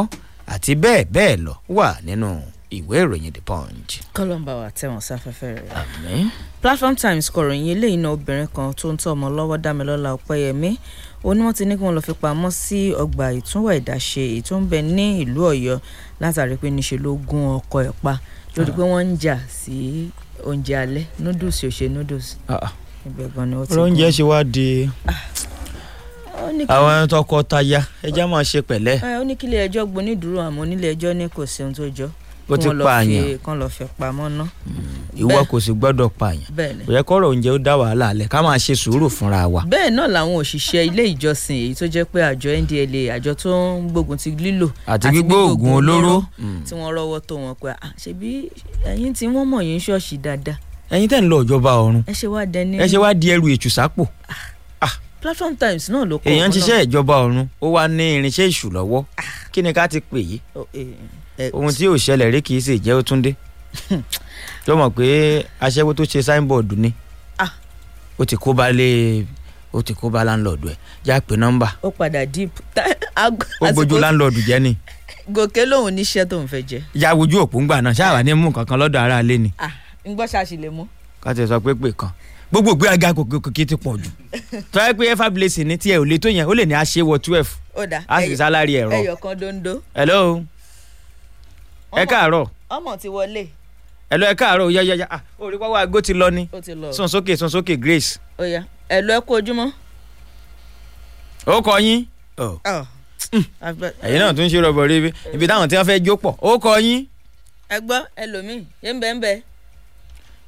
àti bẹ́ẹ̀ bẹ́ẹ̀ lọ wà nínú ìwé ìròyìn the punch. kọ́lọ́mbà wa tẹ̀wọ̀n sáfẹ́fẹ́ rẹ̀. àmín. platform times kọ̀rọ̀ yín eléyìí náà obìnrin kan tó ń tọ́ ọmọ lọ́wọ́ dámilọ́lá ọ̀pẹ́yẹmí onímọ̀ ti ní kí wọ́n lọ́ọ́ fi pamọ́ sí ọgbà ìtúnwà ìdáṣe èyí ń bẹ ní ìlú ọ̀yọ́ látàrí pé níṣe ló gún ọkọ ẹ̀ pa lórí pé wọ́n ń jà sí oúnjẹ alẹ́ noodles ò ṣe noodles ah, ah. ibẹ̀ gan ni ó ti kú. oúnjẹ ṣe wá di ah, àwọn tọkọtaya ẹja máa ṣe pẹ̀lẹ́. ó ní kílẹ̀ ẹjọ́ gbónídùúró àmọ́ nílẹ̀ ẹjọ́ ní kò sí ohun tó jọ ó ti pààyàn kán lọ fi pamọ́ ná. Mm. ìwọ kò sì gbọ́dọ̀ pààyàn kò yẹ kọ́rọ̀ oúnjẹ ó dá wàhálà alẹ́ ká máa ṣe sùúrù fúnra wa. bẹ́ẹ̀ náà làwọn òṣìṣẹ́ ilé ìjọsìn èyí tó jẹ́ pé àjọ NDLEA àjọ tó ń gbógun ti lílò àti gbígbó oògùn olóró mm. Mm. tí wọ́n rọ́wọ́ tó wọn pé ṣebí ẹ̀yin tí wọ́n mọ̀ yín ṣọ́ọ̀ṣì dáadáa. ẹ̀yin tẹ́ ń lọ ìjọba ọ̀run ẹ ṣe wá di ẹrù ètùsápò. Ah platform times náà ló kọ́ èèyàn ń ṣiṣẹ́ ìjọba ọ̀run ó wá ní irinṣẹ́ ìṣù lọ́wọ́ ah. kí ni ká ti pè yí eh, eh, eh, ohun tí yóò ṣẹlẹ̀ rí kì í ṣe ìjẹ́ òtúndé tó mọ̀ pé aṣẹ́wó tó ṣe signboard ni ah. ó ti kó balẹ̀ ó ti kó ba landlord ẹ̀ já pé nọ́mbà. ó padà deep. ó gbójú landlord jẹ́ ni. gòkè lòun níṣẹ́ tóun fẹ́ jẹ. ya wojú òpó ń gbà náà ṣáà wà ní mú kankan lọ́dọ̀ ara ilé ni. ah ń gbọ́ ṣáà sì lè mú. ká ti sọ pé pè kan gbogbo gbé aga kòkè ti pọ̀ jù tọ́wọ́ pé efa blessing ní tiẹ̀ ò lè tó yẹn ó lè ní àṣẹ wọ twelve a sì sálárì ẹ̀rọ ẹyọ kan dondo. hello ẹ káàárọ̀. ọmọ ti wọlé. hello ẹ káàárọ̀ yáyáyá orí ah, wáwá aago ti lọ ni sùn sókè sùn sókè grace. oya hello ẹ kú ojúmọ́. ó kọ yín oh. hmm. ẹ̀yin náà tún ṣe rọ̀bọ̀ rí ibi táwọn tí wọ́n fẹ́ jó pọ̀ ó kọ yín. ẹ gbọ́ ẹlòmíì yé ń bẹ́ẹ̀ ń bẹ́ẹ̀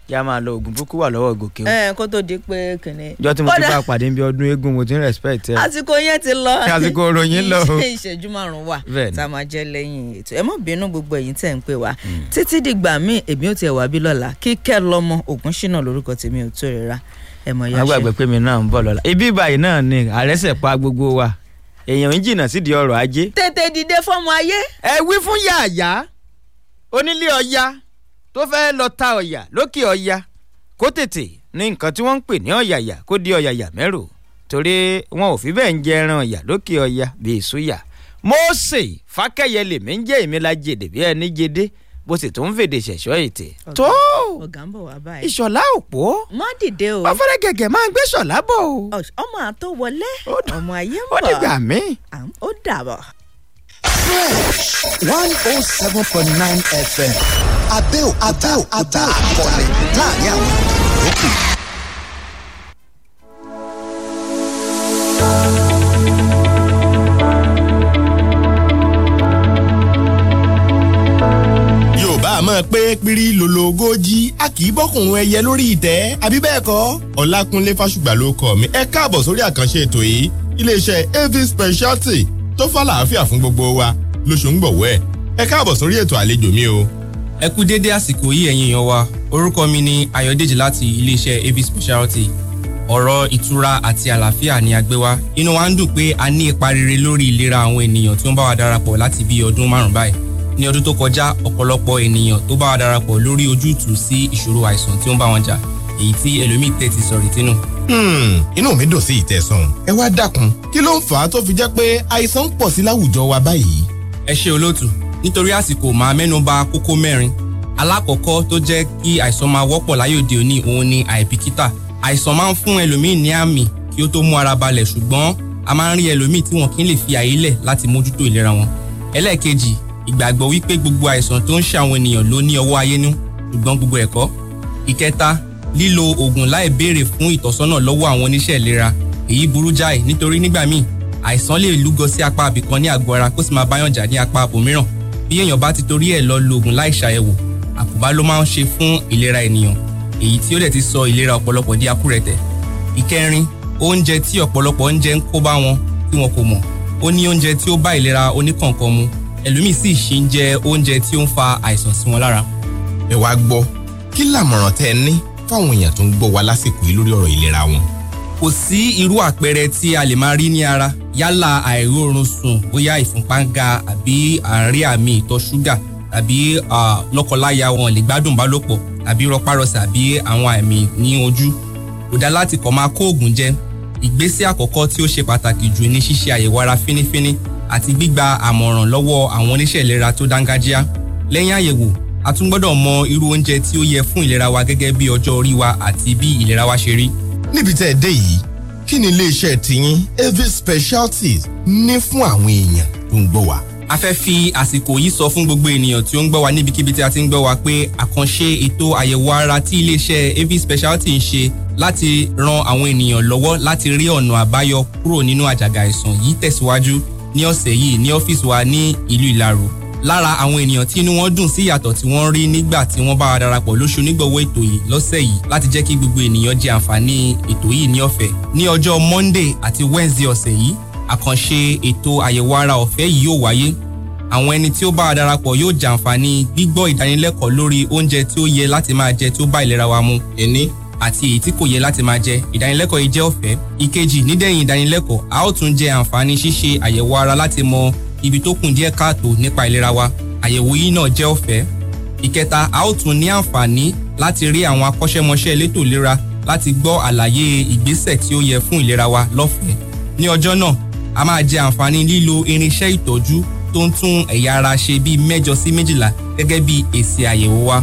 yá máa lọ oògùn burúkú wà lọ́wọ́ gòkè o. ẹ kó tó di pé kìnìún. jọ tí mo ti bá pàdé bí ọdún eégún mo ti ń respect ẹ. àsìkò yẹn ti lọ. àsìkò ròyìn lọ. ìṣẹ́jú márùn-ún wà tá a máa jẹ́ lẹ́yìn ètò ẹ má bínú gbogbo ẹ̀yin tẹ̀ ń pè wá. Hmm. títí dìgbà míì èmi ò tiẹ̀ wá bí lọ́la kíkẹ́ lọ́mọ Ògúnṣínà lórúkọ tèmi ò tó rẹ̀ rà yá mi náà ń bọ̀ lọ́la ibi báyìí náà ni àrẹ́sẹ̀ pa gbogbo wa èèyàn ń jìnnà sídìí ọrọ̀ ajé. tètè dìde fọmọ ayé. ẹ wí fún yàyà onílé tó fẹ́ lọ ta ọ̀yà lókè ọ̀yà kó tètè ní nǹkan tí wọ́n ń pè ní ọ̀yàyà kó di ọ̀yàyà mẹ́rò torí wọn ò fi bẹ́ẹ̀ ń jẹ ẹran ọ̀yà lókè ọ̀yà bíi súyà mọ́ọ̀sì fákẹ́yẹ lèmi ń jẹ́ èmi la jèdè bí ẹni jèdè bó sì tún ń fèdè ṣẹ̀ṣọ́ ètè. tó ìṣọ̀lá òpó wọ́n fẹ́rẹ́ gẹ̀gẹ̀ máa ń gbé ṣọ̀lá bọ̀ o. ọmọ àtọ wọlé ọmọ ayé ń bọ̀ ó dìgbà mí. ó dàbọ̀. fresh one oh seven point nine fm abẹ́òkúta abẹ́òkúta akọni láàrin àwọn ènìyàn yòókù. mọ̀ pé pírí lòlógójì a kì í bọ́kùnrin ẹyẹ lórí ìtẹ́ àbí bẹ́ẹ̀ kọ́. Ọlákúnlé Fásùgbà ló kọ mi ẹ káàbọ̀ sórí àkànṣe ètò yìí iléeṣẹ́ av speciality tó fà láàáfíà fún gbogbo wa lóṣù ń gbọ̀wọ́ ẹ̀ ẹ káàbọ̀ sórí ètò àlejò mi o ẹ kú dédé àsìkò yìí ẹ̀yin èèyàn wa orúkọ mi ni Ayọ̀dèjì láti iléeṣẹ́ AB Speciality ọ̀rọ̀ ìtura àti àlàáfíà ni a gbé wá inú wa ń dùn pé a ní ipa rere lórí ìlera àwọn ènìyàn tí ó ń bá wa darapọ̀ láti bí ọdún márùn báyìí ní ọdún tó kọjá ọ̀pọ̀lọpọ̀ ènìyàn tó bá wa darapọ̀ lórí ojútùú sí ìṣòro àìsàn tí ó bá wọn jà èyí tí ẹlòmíì tẹ̀ ti sọ̀rọ̀ ìtinú. Hmm, inú mi dùn sí ìtẹ̀sán ẹ wá dákun kí ló ń fà á tó fi jẹ́ pé àìsàn ń pọ̀ sí láwùjọ wa báyìí. ẹ ṣé olóòtú nítorí àsìkò máa mẹ́nuba kókó mẹ́rin alákọ̀ọ́kọ́ tó jẹ́ kí àìsàn máa wọ́pọ̀ láyé òde òní òun ni àìbìkítà àìsàn máa ń fún ẹlòmíì ní àmì kí ó tó mú ara balẹ̀ ṣùgbọ́n a máa ń rí ẹlòmíì tí wọn kì í lè fi àyè lẹ̀ láti mójútó ìlera wọn ẹlẹ́ẹ̀kejì ìgbàgbọ́ wípé gbogbo àìsàn tó ń ṣe àwọn ènìyàn ló ní ọwọ́ ayé nú ṣùgbọ́n gbogbo ẹ̀kọ́ ìkẹta lílo oògùn láì béèrè fún ìtọ́sọ́nà lọ́wọ́ àwọn oníṣẹ́ ìlera èyí burú jáì nítorí nígbà míì àìsàn lè lúgọ sí apá abìkan ní àgọ́ ara kó sì máa báyàn jà ní apá abòmíràn bí èèyàn bá ti torí ẹ̀ lọ lo oògùn láì ṣàyẹ̀wò àkóbá ló máa ń ṣe fún ìlera ènìyàn èyí tí ó dẹ̀ ti sọ ìlera ọ̀pọ̀lọpọ̀ di akúrẹ̀tẹ̀. ìkẹrin oúnjẹ tí ọ̀pọ̀lọpọ̀ oúnjẹ ń kó bá wọn tí wọn kò mọ̀ ó ní oúnjẹ tí ó bá ìlera oníkànkan mu ẹlòmíì sì ṣì ń jẹ oúnjẹ tí ó ń fa àìsàn sí wọn lára. ẹ wá gbọ́ kí làmọ̀ràn tẹ́ ẹ ní fáwọn èèyàn tó ń gbọ́ wa lásìkò yìí lórí ọ̀rọ̀ ìlera wọn kò sí irú àpẹẹrẹ tí a lè máa rí ní ara yálà àìróorun sùn bóyá ìfúnpá ń ga àbí àárí àmì ìtọ̀ ṣúgà àbí lọ́kọláya wọn lè gbádùn bálòpọ̀ àbí rọpárọsẹ̀ àbí àwọn àmì ní ojú kò dá láti kàn máa kó oògùn jẹ ìgbésẹ̀ àkọ́kọ́ tí ó ṣe pàtàkì jù ní ṣíṣe àyẹ̀wò ara fínífíní àti gbígba àmọ̀ràn lọ́wọ́ àwọn oníṣẹ́ ìlera tó dáńgájíá lẹ́yìn àyẹ̀wò a tún gbọ́dọ̀ mọ irú oúnjẹ tí ó yẹ fún ìlera wa gẹ́gẹ́ bí ọjọ́ orí wa àti bí ìlera wa ṣe rí níbi tẹ́ ẹ dé yìí kí ni iléeṣẹ́ tiyín every specialties ní fún àwọn èèyàn tó ń gbọ́ wa. a fẹ́ fi àsìkò yìí sọ fún gbogbo ènìyàn tí ó ń gbọ́ wa níbikíbi tí a ti ń gbọ́ wa pé àkànṣe ètò àyẹ̀wò ara tí iléeṣẹ́ every speciality ń ṣe láti ran àwọn ènìyàn lọ́wọ́ láti rí ọ̀nà àbáyọ kúrò nínú àjàgà àìsàn yìí tẹ̀síwájú ní ọ̀sẹ̀ yìí ní ọ́fíìsì wa ní ìlú Ìlaró lára àwọn ènìyàn tí inú wọn dùn sí ìyàtọ̀ tí wọ́n rí nígbà tí wọ́n bá wa darapọ̀ lóṣù nígbọ̀wọ́ ètò yìí lọ́sẹ̀ yìí láti jẹ́ kí gbogbo ènìyàn jẹ àǹfààní ètò yìí ní ọ̀fẹ́ ní ọjọ́ Monday àti Wednesday ọ̀sẹ̀ yìí àkànṣe ètò àyẹ̀wò ara ọ̀fẹ́ yìí yóò wáyé àwọn ẹni tí ó bá darapọ̀ yóò jẹ àǹfààní gbígbọ́ ìdánilẹ́kọ̀ọ́ lórí oúnjẹ tí ó yẹ láti máa jẹ tí ó bá ìlera wa mu ẹni àti èyí tí kò yẹ láti máa jẹ ìdánilẹ́kọ̀ọ́ yìí jẹ́ ọ̀fẹ́ ìkejì nídẹ̀yìn ìdánilẹ́kọ̀ọ́ a ó tún jẹ àǹfààní ṣíṣe àyẹ̀wò ara láti mọ ibi tó kùn díẹ̀ káàtó nípa ìlera wa àyẹ̀wò yìí náà jẹ́ ọ̀fẹ́. ìkẹta a ó tún ní àǹfààní láti rí àwọn akọ́ṣẹ́mọṣẹ́ elétò ìlera láti gbọ́ àlàyé ìgbésẹ̀ tí ó yẹ fún ìlera wa lọ́fẹ̀ẹ́. ní ọjọ́ náà a máa jẹ àǹfààní lílo irinṣẹ́ ìtọ́jú tó ń tún ẹ̀yà ara ṣe bíi mẹ́jọ sí méjìlá gẹ́gẹ́ bí èsì àyẹ̀wò wa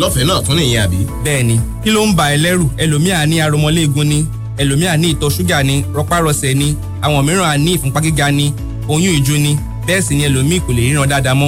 lọ́fẹ̀ẹ́ náà tún nìyẹn àbí. bẹ́ẹ̀ni kí ló ń ba ẹ ẹlòmíà ní aromọléegun ni ẹlòmíà ní ìtọ̀ ṣúgà ni rọpárọsẹ̀ ni àwọn mìíràn ní ìfúnpá gíga ni oyún ìju ni bẹ́ẹ̀ sì ni ẹlòmíì kò lè ríran dáadáa mọ́